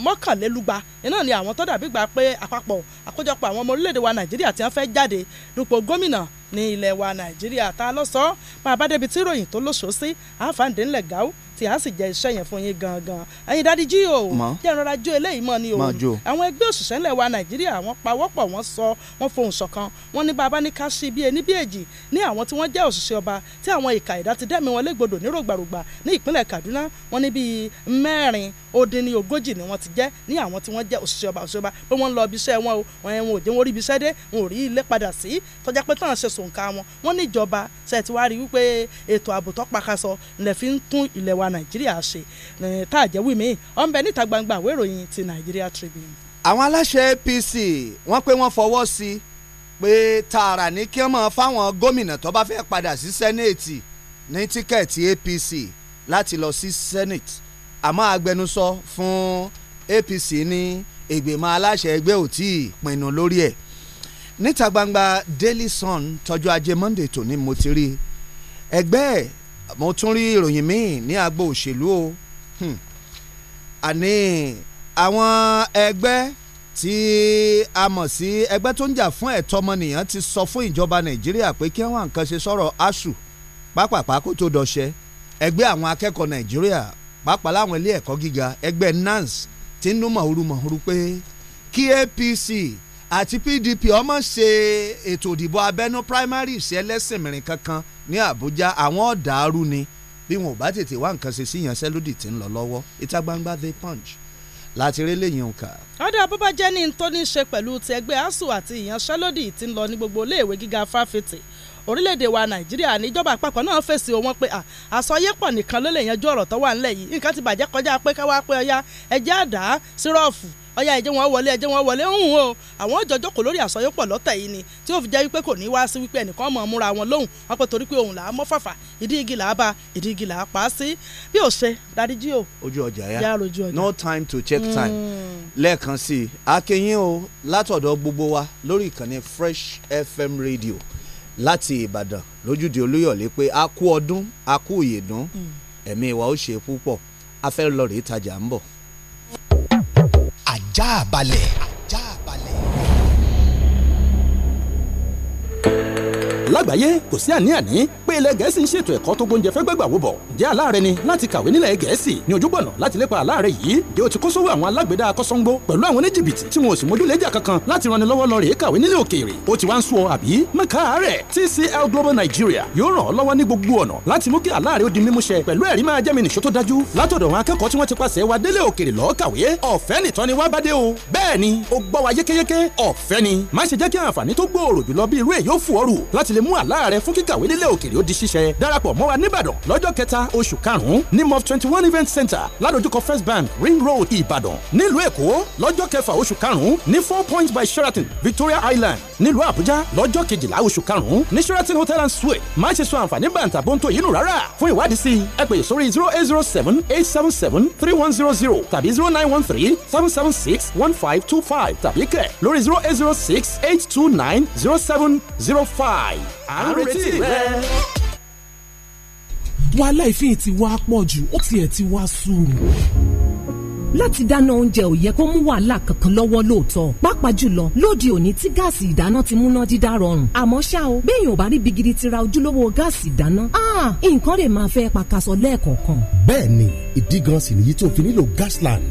mọ́kànlélúgba iná ni àwọn tó dàbí gbà pé àpapọ̀ àkójọpọ̀ àwọn ọmọ orílẹ̀-èdè wa Nàìjíríà ti ń fẹ́ jáde dupò gómìnà ní ilẹ̀ wa nàìjíríà ta ló sọ bá a bá débi tí ìròyìn tó lóṣòó sí àǹfààndínlẹ̀ gáú tí a sì jẹ iṣẹ́ yẹn fún yín gangan ẹ̀yin dádì jí o jẹ́ ìrora jó eléyìí mọ́ ni o àwọn ẹgbẹ́ òṣìṣẹ́ ńlẹ̀ wa nàìjíríà wọ́n pawọ́pọ̀ wọ́n sọ wọ́n fohùn ṣọ̀kan wọ́n ní bàbá ní ká ṣí bí ẹni bí èjì ní àwọn tí wọ́n jẹ́ òṣìṣẹ́ ọba tí àwọn ìka ẹ̀dá ti dẹ́mi wọn légbodò ní rògbàrògbà ní ìpínlẹ̀ kaduna wọ́n ní bíi mẹ́rin ó dín ní ogójì ni wọ́n ti jẹ́ ní àwọn tí wọ́n jẹ́ òṣìṣẹ́ ọba òṣìṣẹ́ ọba pé wọ́n lọ ibi iṣẹ́ wọn o wọn ò dé wọn rí ibi iṣẹ́ dé wọn ò rí ilé padà sí tọ́já pé tán ṣe s òǹkà wọn wọ́n níjọba ṣètìwárí wípé ètò ààbò tó pakasọ lè fi ń tún ilẹ̀ wa nàìjíríà ṣe tá a jẹ́ wí mí ọ̀nbẹ níta gbangba àwọn ìròyìn ti nàìjíríà Tribune. àwọn aláṣẹ APC wọ́n pé wọ́n fọwọ́ sí i pé tààrà ní kí wọ́n máa fáwọn gómìnà tó bá fẹ́ padà sí sẹ́nẹ̀tì ní tíkẹ́ẹ̀tì APC láti lọ sí senate àmọ́ agbẹnusọ fún APC ní ìgbìmọ̀ aláṣẹ ẹgbẹ́ ò tí pinnu lórí ẹ̀ níta gbangba Daily Sun tọjọ́ ajé Monday tòní mo ti rí ẹgbẹ́ ẹ̀ mo tún rí ìròyìn míì ní agbo òṣèlú o hmm. àní àwọn ẹgbẹ́ tí a mọ̀ sí ẹgbẹ́ tó ń jà fún ẹ̀tọ́ ọmọnìyàn ti sọ fún ìjọba Nàìjíríà pé kí wọ́n nǹkan ṣe sọ̀rọ̀ ASUU pápápá kó tó dọṣẹ́ ẹgbẹ́ àwọn akẹ́kọ̀ọ́ Nàìjíríà pàápàá láwọn ilé ẹ̀kọ́ gíga ẹgbẹ́ NANS ti ń dún mọ̀húrú mọ̀húrú pé kí APC àti PDP ọmọ ṣe ètò òdìbò abẹ́nú primaries ẹlẹ́sìn mìíràn kankan ní Àbújá àwọn ọ̀dàrú ni bí wọn ò bá tètè wá nǹkan ṣe sí ìyanṣẹ́lódì tí ń lọ lọ́wọ́ ìta gbangba The Punch láti rí lẹ́yìn òǹkà. ọ̀dọ̀ bó bá jẹ́ ní tó ní ṣe pẹ̀lú ti ẹgbẹ́ ASUU àti ìyanṣẹ́lódì tí ń lọ ní gbogbo iléèwé gíga fáfitì orílẹ̀-èdè wa nàìjíríà níjọba àpapọ̀ náà fèsì wọn pé àsọyépọ̀ nìkan ló lè yanjú ọ̀rọ̀ tó wà ńlẹ̀ yìí nǹkan ti bàjẹ́ kọjá pé káwá pé ọya ẹjẹ́ àdá sírọ́ọ̀fù ọyá ẹjẹ wọn wọlé ẹjẹ wọn wọlé ń o àwọn òjòjò kò lórí àsọyọpọ lọtẹ yìí ni tí ó fi jẹ́ wípé kò ní wá sí wípé ẹnìkan mọ̀ múra wọn lóhùn wọn pé torí pé òun là á mọ́ fàfà ìdí igi là á ba ìdí igi là á pa á sí bí ó ṣe dáríjì o. ojú ọjà ya no time to check hmm. time lẹ́ẹ̀kan sí i akínyìn o látọ̀dọ̀ gbogbo wa lórí ìkànnì Fresh FM radio láti ìbàdàn lójúde olúyọ̀lé pé a kú ọdún a kú ìyèdún hmm. ẹ̀mí wa ó ṣe púpọ̀ a fẹ́ lọ rèé tajà ń bọ̀. ajá balẹ̀. kẹ́kọ̀ọ́ lágbàáyé kò sí àní-àní pé ilẹ̀ gẹ̀ẹ́sì ń ṣètò ẹ̀kọ́ tó gbóúnjẹ fẹ́ gbẹ́gbà wò bọ̀ jẹ́ aláàrẹ ni láti kàwé nílẹ̀ gẹ̀ẹ́sì ní ojúbọ̀nà láti lépa aláàrẹ yìí jẹ́ o ti kó sówó àwọn alágbèédá akọ́sọ́ngbó pẹ̀lú àwọn oníjìbìtì tí wọn ò sì mójú léjà kankan láti ranni lọ́wọ́ lọ rèé kàwé nílẹ̀ òkèèrè o ti wá ń sú àbí mẹ́ka rẹ̀ TCL Global Nigeria yóò ràn ọ́ lọ́wọ́ ní gbogbo ọ̀nà láti mú kí aláàrẹ ó di mímúṣẹ pẹ̀lú ẹ̀rí máa wa délé òkèèrè lọ́ọ́ kàwé ọ̀fẹ́ nìtọ́ ni wá bá dé o bẹ́ẹ̀ ni o gbọ́ wa yékéyéké ọ̀fẹ́ ni má ṣe jẹ́ kí àǹfààní tó gbòòrò lè mú àlá rẹ fún kíkàwé nílẹ̀ òkèèrè ó di ṣíṣẹ darapọ̀ mọ́ wa nìbàdàn lọ́jọ́ kẹta oṣù karùn-ún ní mof twenty one event center ládojúkọ first bank ring road ìbàdàn nílùú èkó lọ́jọ́ kẹfà oṣù karùn-ún ní four points by sheraton victoria island nílùú àbújá lọ́jọ́ kejìlá oṣù karùn-ún ní sheraton hotel and suite má ṣe sọ àǹfààní bàǹtà bó ń tó yín rárá fún ìwádìí sí ẹ pè sórí zero eight zero seven eight seven seven three one zero zero tàbí zero nine one three seven seven six one five two five tàbí kẹ̀ lórí zero eight zero six eight two nine zero seven zero five à ń retí rẹ. wàhálà ìfihìn ti wá pọ̀ jù ó tiẹ̀ ti wá sùúrù láti dáná oúnjẹ ò yẹ kó mú wàhálà kankan lọ́wọ́ lóòótọ́ pàápàá jùlọ lóde òní tí gáàsì ìdáná ti múná dídá rọrùn àmọ́ ṣá o béèyàn ò bá rí bigidi ti ra ojúlówó gáàsì ìdáná ah, nǹkan lè máa fẹ́ pàkàṣọ lẹ́ẹ̀kọ̀ọ̀kan. bẹ́ẹ̀ni ìdí sì nìyí tó fi nílò Gasland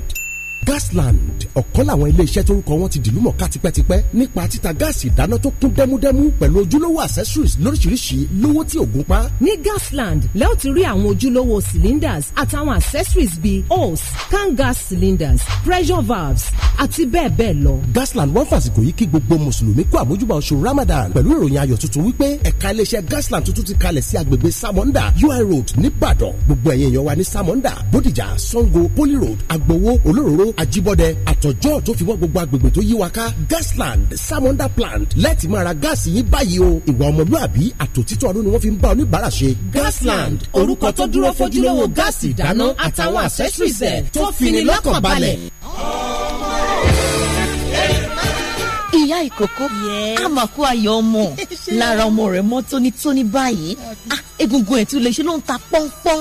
Gasland ọ̀kan làwọn iléeṣẹ́ tórúkọ wọn ti dìlúmọ̀ká tipẹ́tipẹ́ nípa títa gáàsì ìdáná tó kún dẹ́múdẹ́mú pẹ̀lú ojúlówó accessories lóríṣiríṣi lówó tí ò gún pa. ní Gasland lẹ́ẹ̀ ti rí àwọn ojúlówó cylinders àtàwọn accessories bíi hose can gas cylinders pressure valves àti bẹ́ẹ̀ bẹ́ẹ̀ lọ. Gasland wọ́n fàsìkò yìí kí gbogbo mùsùlùmí kó àmójúbà oṣù Ramadan pẹ̀lú ìròyìn ayọ̀ tuntun wípé ẹ̀ka iléeṣẹ́ Gasland tuntun ti kalẹ̀ sí agbègbè Samonda road nìbàdàn gbogbo ẹ̀yin èèyàn wa ní Samonda Bódìjà Poly road Agbowo Olóróró Ajibode àtọ̀jọ́ tó fi wọ́ gbogbo agbègbè tó yí wa ká gasland samonda plant láti máa ra gáàsì yín báyìí o ìwà ọmọlúàbí àtòtítọ́ ọdún ni wọ́n fi ń bá oníbàárà ṣe. gasland orúkọ tó dúró fojúlówó gáàsì ìdáná àtàwọn accessories ẹ̀ tó fini lọ́kàn balẹ̀. ìyá ìkókó àmàkù ayọ̀ ọmọ <laughs> lára ọmọ rẹ̀ mọ́ tónítóní báyìí ah, egungun ẹ̀ tún lè ṣe ló ń ta pọ́npọ́n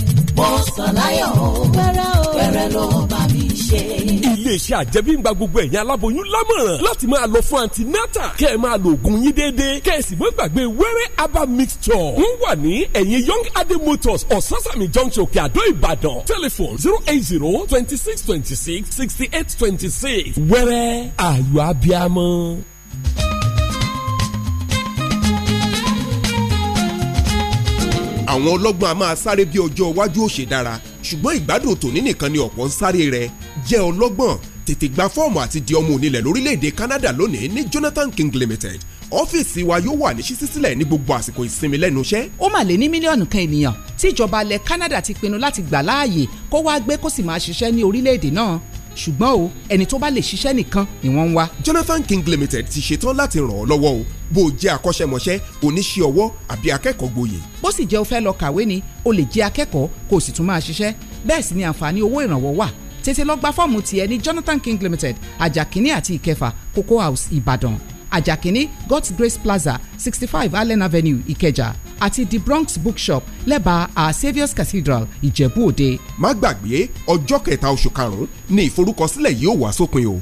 mo sọ láyọ̀ o pẹrẹ o pẹrẹ ló bá mi ṣe. iléeṣẹ́ àjẹmíngba gbogbo ẹ̀yin aláboyún lámọ̀ràn láti máa lọ fún antinata kẹ́ ẹ̀ máa lo oògùn yín déédéé kẹ́ ẹ̀ sì mọ́ gbàgbé wẹ́rẹ́ herbal mixture wọ́n wà ní ẹ̀yìn young adé motors ososani junction òkè ìbàdàn telephone zero eight zero twenty six twenty six sixty eight twenty six wẹ́rẹ́ ayọ̀ abiamọ. àwọn ọlọ́gbọ́n a máa sáré bí ọjọ́ iwájú ò ṣe dára ṣùgbọ́n ìgbádùn tòní nìkan ni ọ̀pọ̀ ń sáré rẹ̀ jẹ́ ọlọ́gbọ́n tètè gba fọ́ọ̀mù àti di ọmọ onílẹ̀ lórílẹ̀‐èdè Canada lónìí ní Jonathan King Limited ọ́fíìsì wa yóò wà ní ṣíṣí sílẹ̀ ní gbogbo àsìkò ìsinmi lẹ́nu iṣẹ́. ó mà lé ní mílíọ̀nù kan ènìyàn tí ìjọba ilẹ̀ Canada ti pinnu láti gbà láàyè kó wá gbé kó sì máa ṣiṣẹ́ ní orílẹ̀-èdè náà ṣùgbọ́n o ẹni tó bá lè ṣiṣẹ́ nìkan ni wọ́n ń wá. Jonathan King Limited ti ṣetán láti ràn ọ́ lọ́wọ́ o bó o jẹ́ akọ́ṣẹ́mọṣẹ́ oníṣẹ́ ọwọ́ àbí akẹ́kọ̀ọ́ gboyè. bó sì jẹ́ o fẹ́ lọ kàwé ni o lè jẹ́ akẹ́kọ̀ọ́ kó o sì tún máa ṣiṣẹ́ bẹ́ẹ̀ sì ni àǹfààní owó ìrànwọ́ wà tètè lọ gba fọ́ọ̀mù tiẹ̀ ní Jonathan King Limited ajakini àti ìkẹfà Cocoa House Ìbàdàn ajakini God's Grace Plaza sixty five Allen Avenue Ìkẹjà àti the Bronx Bookshop lẹ́bàá Our Saviour's Cathedral Ìjẹ̀bú Òde. má gbàgbé ọjọ́ kẹta oṣù karùn-ún ni ìforúkọsílẹ̀ yìí ó wá sópin o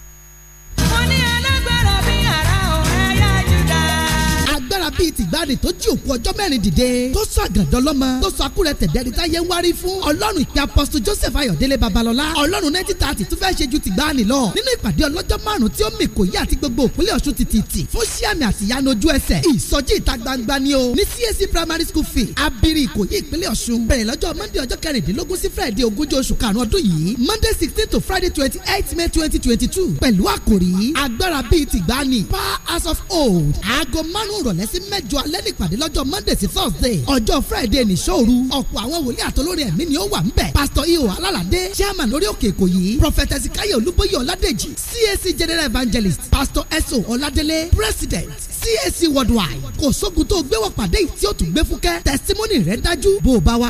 bíi tìgbàdì tó jí òkú ọjọ́ mẹ́rin dìde tó sọ àgàdọ́ lọ́mọ tó sọ akúrẹ́ tẹ̀dẹ́rì táyé ń wárí fún ọlọ́run ìpè apọ́sítù Joseph Ayọ̀délé Babalọ́lá ọlọ́run nineteen thirty tún fẹ́ẹ́ ṣe ju tìgbàanì lọ nínú ìpàdé ọlọ́jọ́ márùn-ún tí ó mì kò yí àti gbogbo òpínlẹ̀ Ọ̀ṣun tìtìtì fún síàmì àtìyánu ojú ẹsẹ̀ ìsọjí ìta o ní CAC primary school fee abiri kò yí ìpínlẹ̀ Ọ̀ṣun bẹ̀rẹ̀ Monday ọjọ́ kẹrìndínlógún sí Friday ogúnjọ́ oṣù karùn-ún Monday sixteen to Friday twenty May twenty twenty two pẹ̀lú àkòrí agbára bíi as of old aago márùn-ún ìrọ̀lẹ́ mẹ́jọ alẹ́ nípàdé lọ́jọ́ monday sí thursday ọjọ́ friday nìṣòro ọ̀pọ̀ àwọn wòlíì àtolórí ẹ̀mí ni ó wà ńbẹ̀ pastor iho alálàdé chairman lórí òkè èkó yìí prophetess káyọ̀ olúbóyè ọ̀ládèjì cac general evangelist pastor eso ọ̀ládélé president cac worldwide kò sógun tó gbéwọ̀ pàdé yìí tí ó tún gbé fúkẹ́ testimony rẹ̀ dájú bó o bá wa.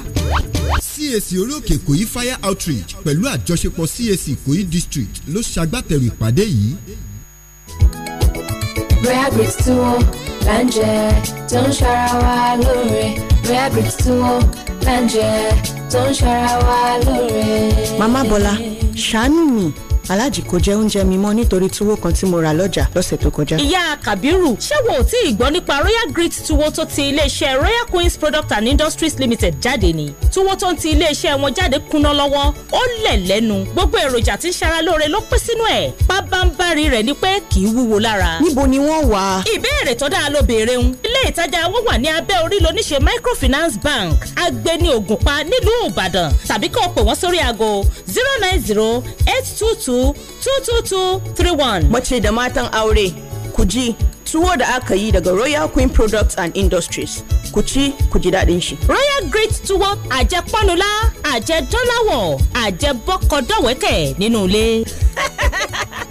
cac orí òkè èkóyí fire outreach pẹ̀lú àjọṣepọ̀ cac ìkóyí district ló ṣagbátẹrù ìpàdé yìí bóyá brits tí wọ́n là ń jẹ tó ń ṣara wa lóore bóyá brits tí wọ́n là ń jẹ tó ń ṣara wa lóore. màmá bọ́lá ṣàánú mi aláàjì kò jẹ oúnjẹ mi mọ́ nítorí túwó kan tí mo rà lọ́jà lọ́sẹ̀ tó kọjá. ìyá kàbírù ṣé wo ò tí ì gbọ́ nípa royal grit tuwo tó ti iléeṣẹ́ royal queens product and industries limited jáde ni tuwo tó ń ti iléeṣẹ́ wọn jáde kuná lọ́wọ́ ó lẹ̀ lẹ́nu gbogbo èròjà tí ń ṣara lóore ló pín sínú ẹ̀ pábánbárì rẹ̀ ni pé kì í wúwo lára. níbo ni wọ́n wà. ìbéèrè tó dáa ló béèrè ń ilé ìtajà wọn wà ní abẹ́ orí lóníṣe microfinance bank agbeni ògùnpá nílùú ìbàdàn tàbí kó o wọ́n sórí aago zero nine zero eight two two two two two three one. Mace da matan aure ku ji tuwo da aka yi daga Royal Queen Products and Industries. Ku ci ku ji daɗin shi. Royal Great Tuwo àjẹ pọ́nulá àjẹ dọ́làwọ̀ àjẹ bọ́kọ̀ nínú ilé. <laughs>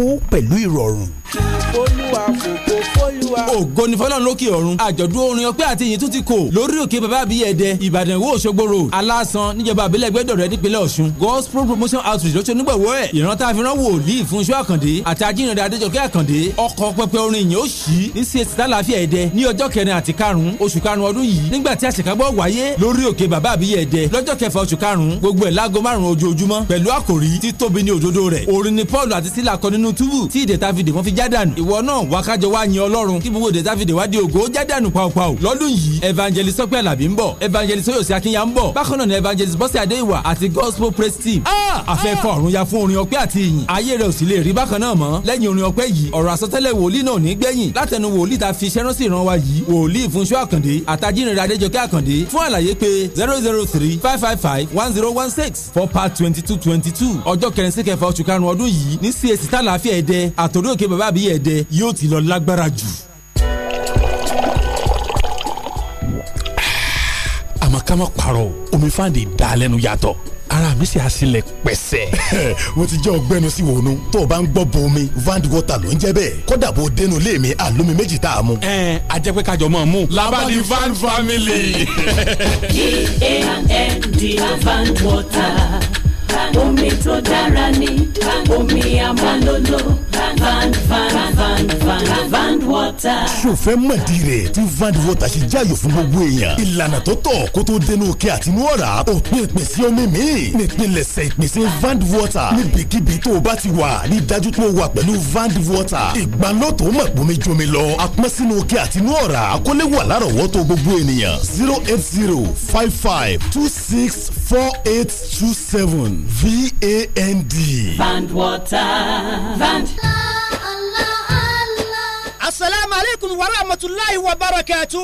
owó pẹ̀lú ìrọ̀rùn ògo ni fọlọ́run lókè ọ̀run àjọ̀dún orin ọpẹ́ àti ìyìn tún ti kò lórí òkè bàbá àbí ẹ̀dẹ ìbàdàn ìwó òṣogbo road alásan níjọba àbílẹ̀ gbẹ́dọ̀rẹ́ nípínlẹ̀ ọ̀ṣun gospel promotion outreach ló ṣe onígbọ̀wọ́ ẹ̀ ìrántá àfihàn wòlíì fúnṣọ́ àkàndé àti ajínrere adéjọkẹ́ àkàndé ọkọ̀ pẹpẹ orin ìyìn ó ṣí ní csc tálàfíà ẹ̀dẹ ní ọjọ́ kẹrin àti karùn-ún oṣù karùn-ún ọdún yìí nígbà tí àṣekágbọ́ wáyé lórí òkè bàbá àbí ẹ̀dẹ lọ́jọ́ kẹfà oṣù karùn-ún gbogbo ẹ̀ láago márùn-ún ojoojúmọ́ pẹ̀lú àkòrí títóbi ní òdodo rẹ̀ orin ni paul àti sílà kọ nínú túbù tí ìdẹ̀ta fi dè wọ́n fi jádànù ìwọ náà wákàjọ wá yin ọlọ́run kí gbogbo dẹ̀sáfìdè wá di ògo jádànù pàápàá lọ́dún yìí evangelist sọ́pẹ́ àlàbí ń bọ̀ evangelist sọ́yọ̀sí akínyà ń bọ̀ bákan náà ni evangelist bọ́sẹ̀ adéwà àti gospel praise team afẹ́fọ́ ah! ah! ọ̀run ya fún orin ọpẹ́ àti ìyìn ayé rẹ̀ ò sì lè rí bákan náà mọ́ lẹ́yìn orin ọpẹ́ yìí ọ̀rọ̀ àsọtẹ́lẹ̀ wòlíì náà ní gbẹ̀yìn látẹnu wòlíì ta fi iṣẹ́ ránṣẹ́ ìran wa tàbí ẹ̀dẹ yóò ti lọ lágbára jù. àmọ́ ká má parọ́ omi fáǹdì dá yàtọ̀ ara mi sì á sílẹ̀ pẹ̀sẹ̀. <laughs> mo ti jẹ́ ọgbẹ́nu sí wònú tó o bá ń gbọ́ bo omi vand water ló ń jẹ́ bẹ́ẹ̀ kódà bó o dénú lé mi àlómi méjì tá a mú. ẹ a jẹ́ pé kájọ mọ̀ mú. labadi van family. d <laughs> a n d A van water omi tó dára ni omi amalolo van van van van van water. sọfẹ́ mọ̀dí rẹ̀ tí van water ṣe jáyọ̀ fún gbogbo èèyàn ìlànà tó tọ́ kó tó dénú òkè àtinú ọ̀rá òpin ìpèsè omi míì nípìnlẹ̀sẹ̀ ìpèsè van water níbikíbi tó o bá ti wà ní dájú tó o wà pẹ̀lú van water ìgbàlótò mọ̀ pómi jomi lọ apọ́n sínú òkè àtinú ọ̀rá kólé wà lárọ̀wọ́tò gbogbo ènìyàn zero eight zero five five two six four eight two seven V A N D. Vand water. Vand asalaamu aleykum wa rahmatulahi wa barakatu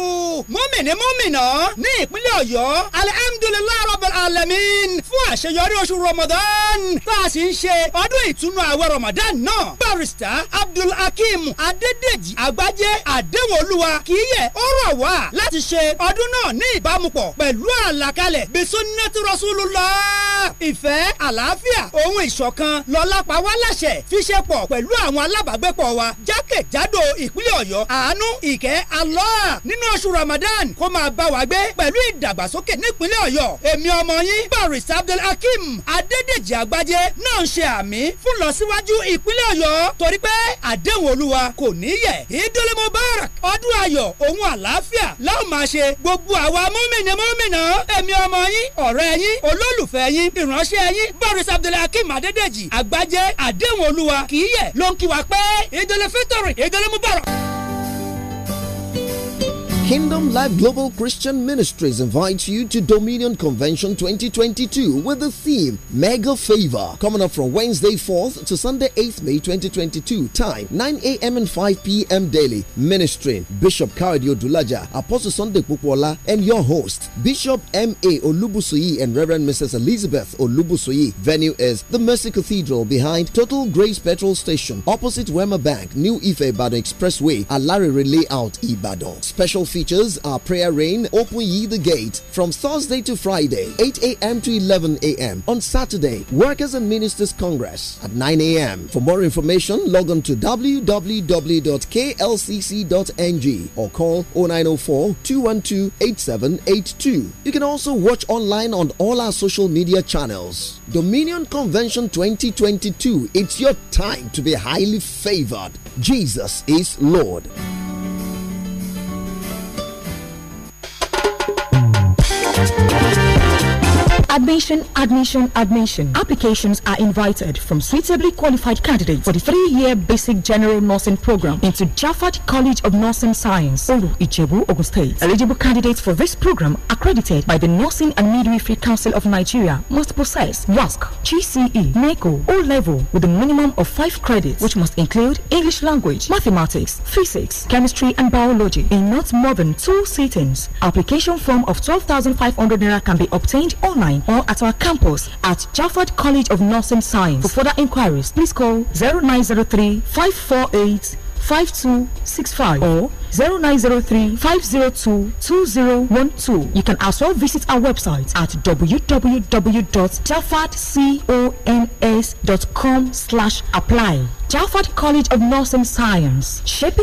mọ́mìnì mọ́mìnà ní ìpínlẹ̀ ọ̀yọ́ alihamdulilayi rabbil alamin fún àṣeyọrí oṣù ramadan tá a sì ń ṣe ọdún ìtúnu àwẹ̀ ramadan náà barista abdul hakeem adédèjì àgbájé àdéhùn olúwa kì í yẹ ó rọ̀ wá láti ṣe ọdún náà ní ìbámu pọ̀ pẹ̀lú àlàkalẹ̀ bisunnetu rasulullah ìfẹ́ àlàáfíà ohun ìṣọ̀kan lọ́lápá wá láṣẹ fiṣẹ́ pọ̀ pẹ̀lú àwọn alábàágbépọ̀ wa jákèjádò ìpínlẹ̀ ọ̀yọ́ àánú ìkẹ́ Allah nínú oṣù Ramadan kó máa bá wa gbé pẹ̀lú ìdàgbàsókè nípínlẹ̀ ọ̀yọ́ èmi ọmọ yín Baris Abdul Hakim Adédèjì Àgbájé náà ń ṣe àmì fún lọ síwájú ìpínlẹ̀ ọ̀yọ́ torí pé àdéhùn olúwa kò ní yẹ̀ Idul Mubarak ọdún ayọ̀ ohun àlàáfíà láò máa ṣe gbogbo àwa mọ́mìnà mọ́mìnà ni ìránṣẹ́ yín boris abdulhakeem adédèjì àgbájé àdéhùn olúwa kì í yẹ ló ń kí wa pé ìdílé fítọ̀rì ìdílé mubarak. Kingdom Life Global Christian Ministries invites you to Dominion Convention 2022 with the theme Mega Favor. Coming up from Wednesday 4th to Sunday 8th May 2022, time 9 a.m. and 5 p.m. daily. Ministry Bishop Karadio Dulaja, Apostle Sunday Pupola, and your host, Bishop M.A. Olubusuyi and Reverend Mrs. Elizabeth Olubusuyi. Venue is the Mercy Cathedral behind Total Grace Petrol Station, opposite Wema Bank, New Ife Ibadan Expressway, Alari Layout, Ibadan. Special features are Prayer Rain, Open Ye the Gate from Thursday to Friday, 8 a.m. to 11 a.m. On Saturday, Workers and Ministers Congress at 9 a.m. For more information, log on to www.klcc.ng or call 0904 212 8782. You can also watch online on all our social media channels. Dominion Convention 2022, it's your time to be highly favored. Jesus is Lord. Thank Admission, admission, admission. Applications are invited from suitably qualified candidates for the three-year basic general nursing program into Jaffat College of Nursing Science, Oru Ogun State. Eligible candidates for this program accredited by the Nursing and Midwifery Council of Nigeria must possess WASC, GCE, NECO, O level with a minimum of five credits, which must include English language, mathematics, physics, chemistry, and biology in not more than two sittings. Application form of 12,500 naira can be obtained online or at our campus at Jafford College of Nursing Science. For further inquiries, please call 0903 548 5265 or 0903 502 2012. You can also visit our website at www.jaffardcons.com slash apply. Jafford College of Nursing Science, shaping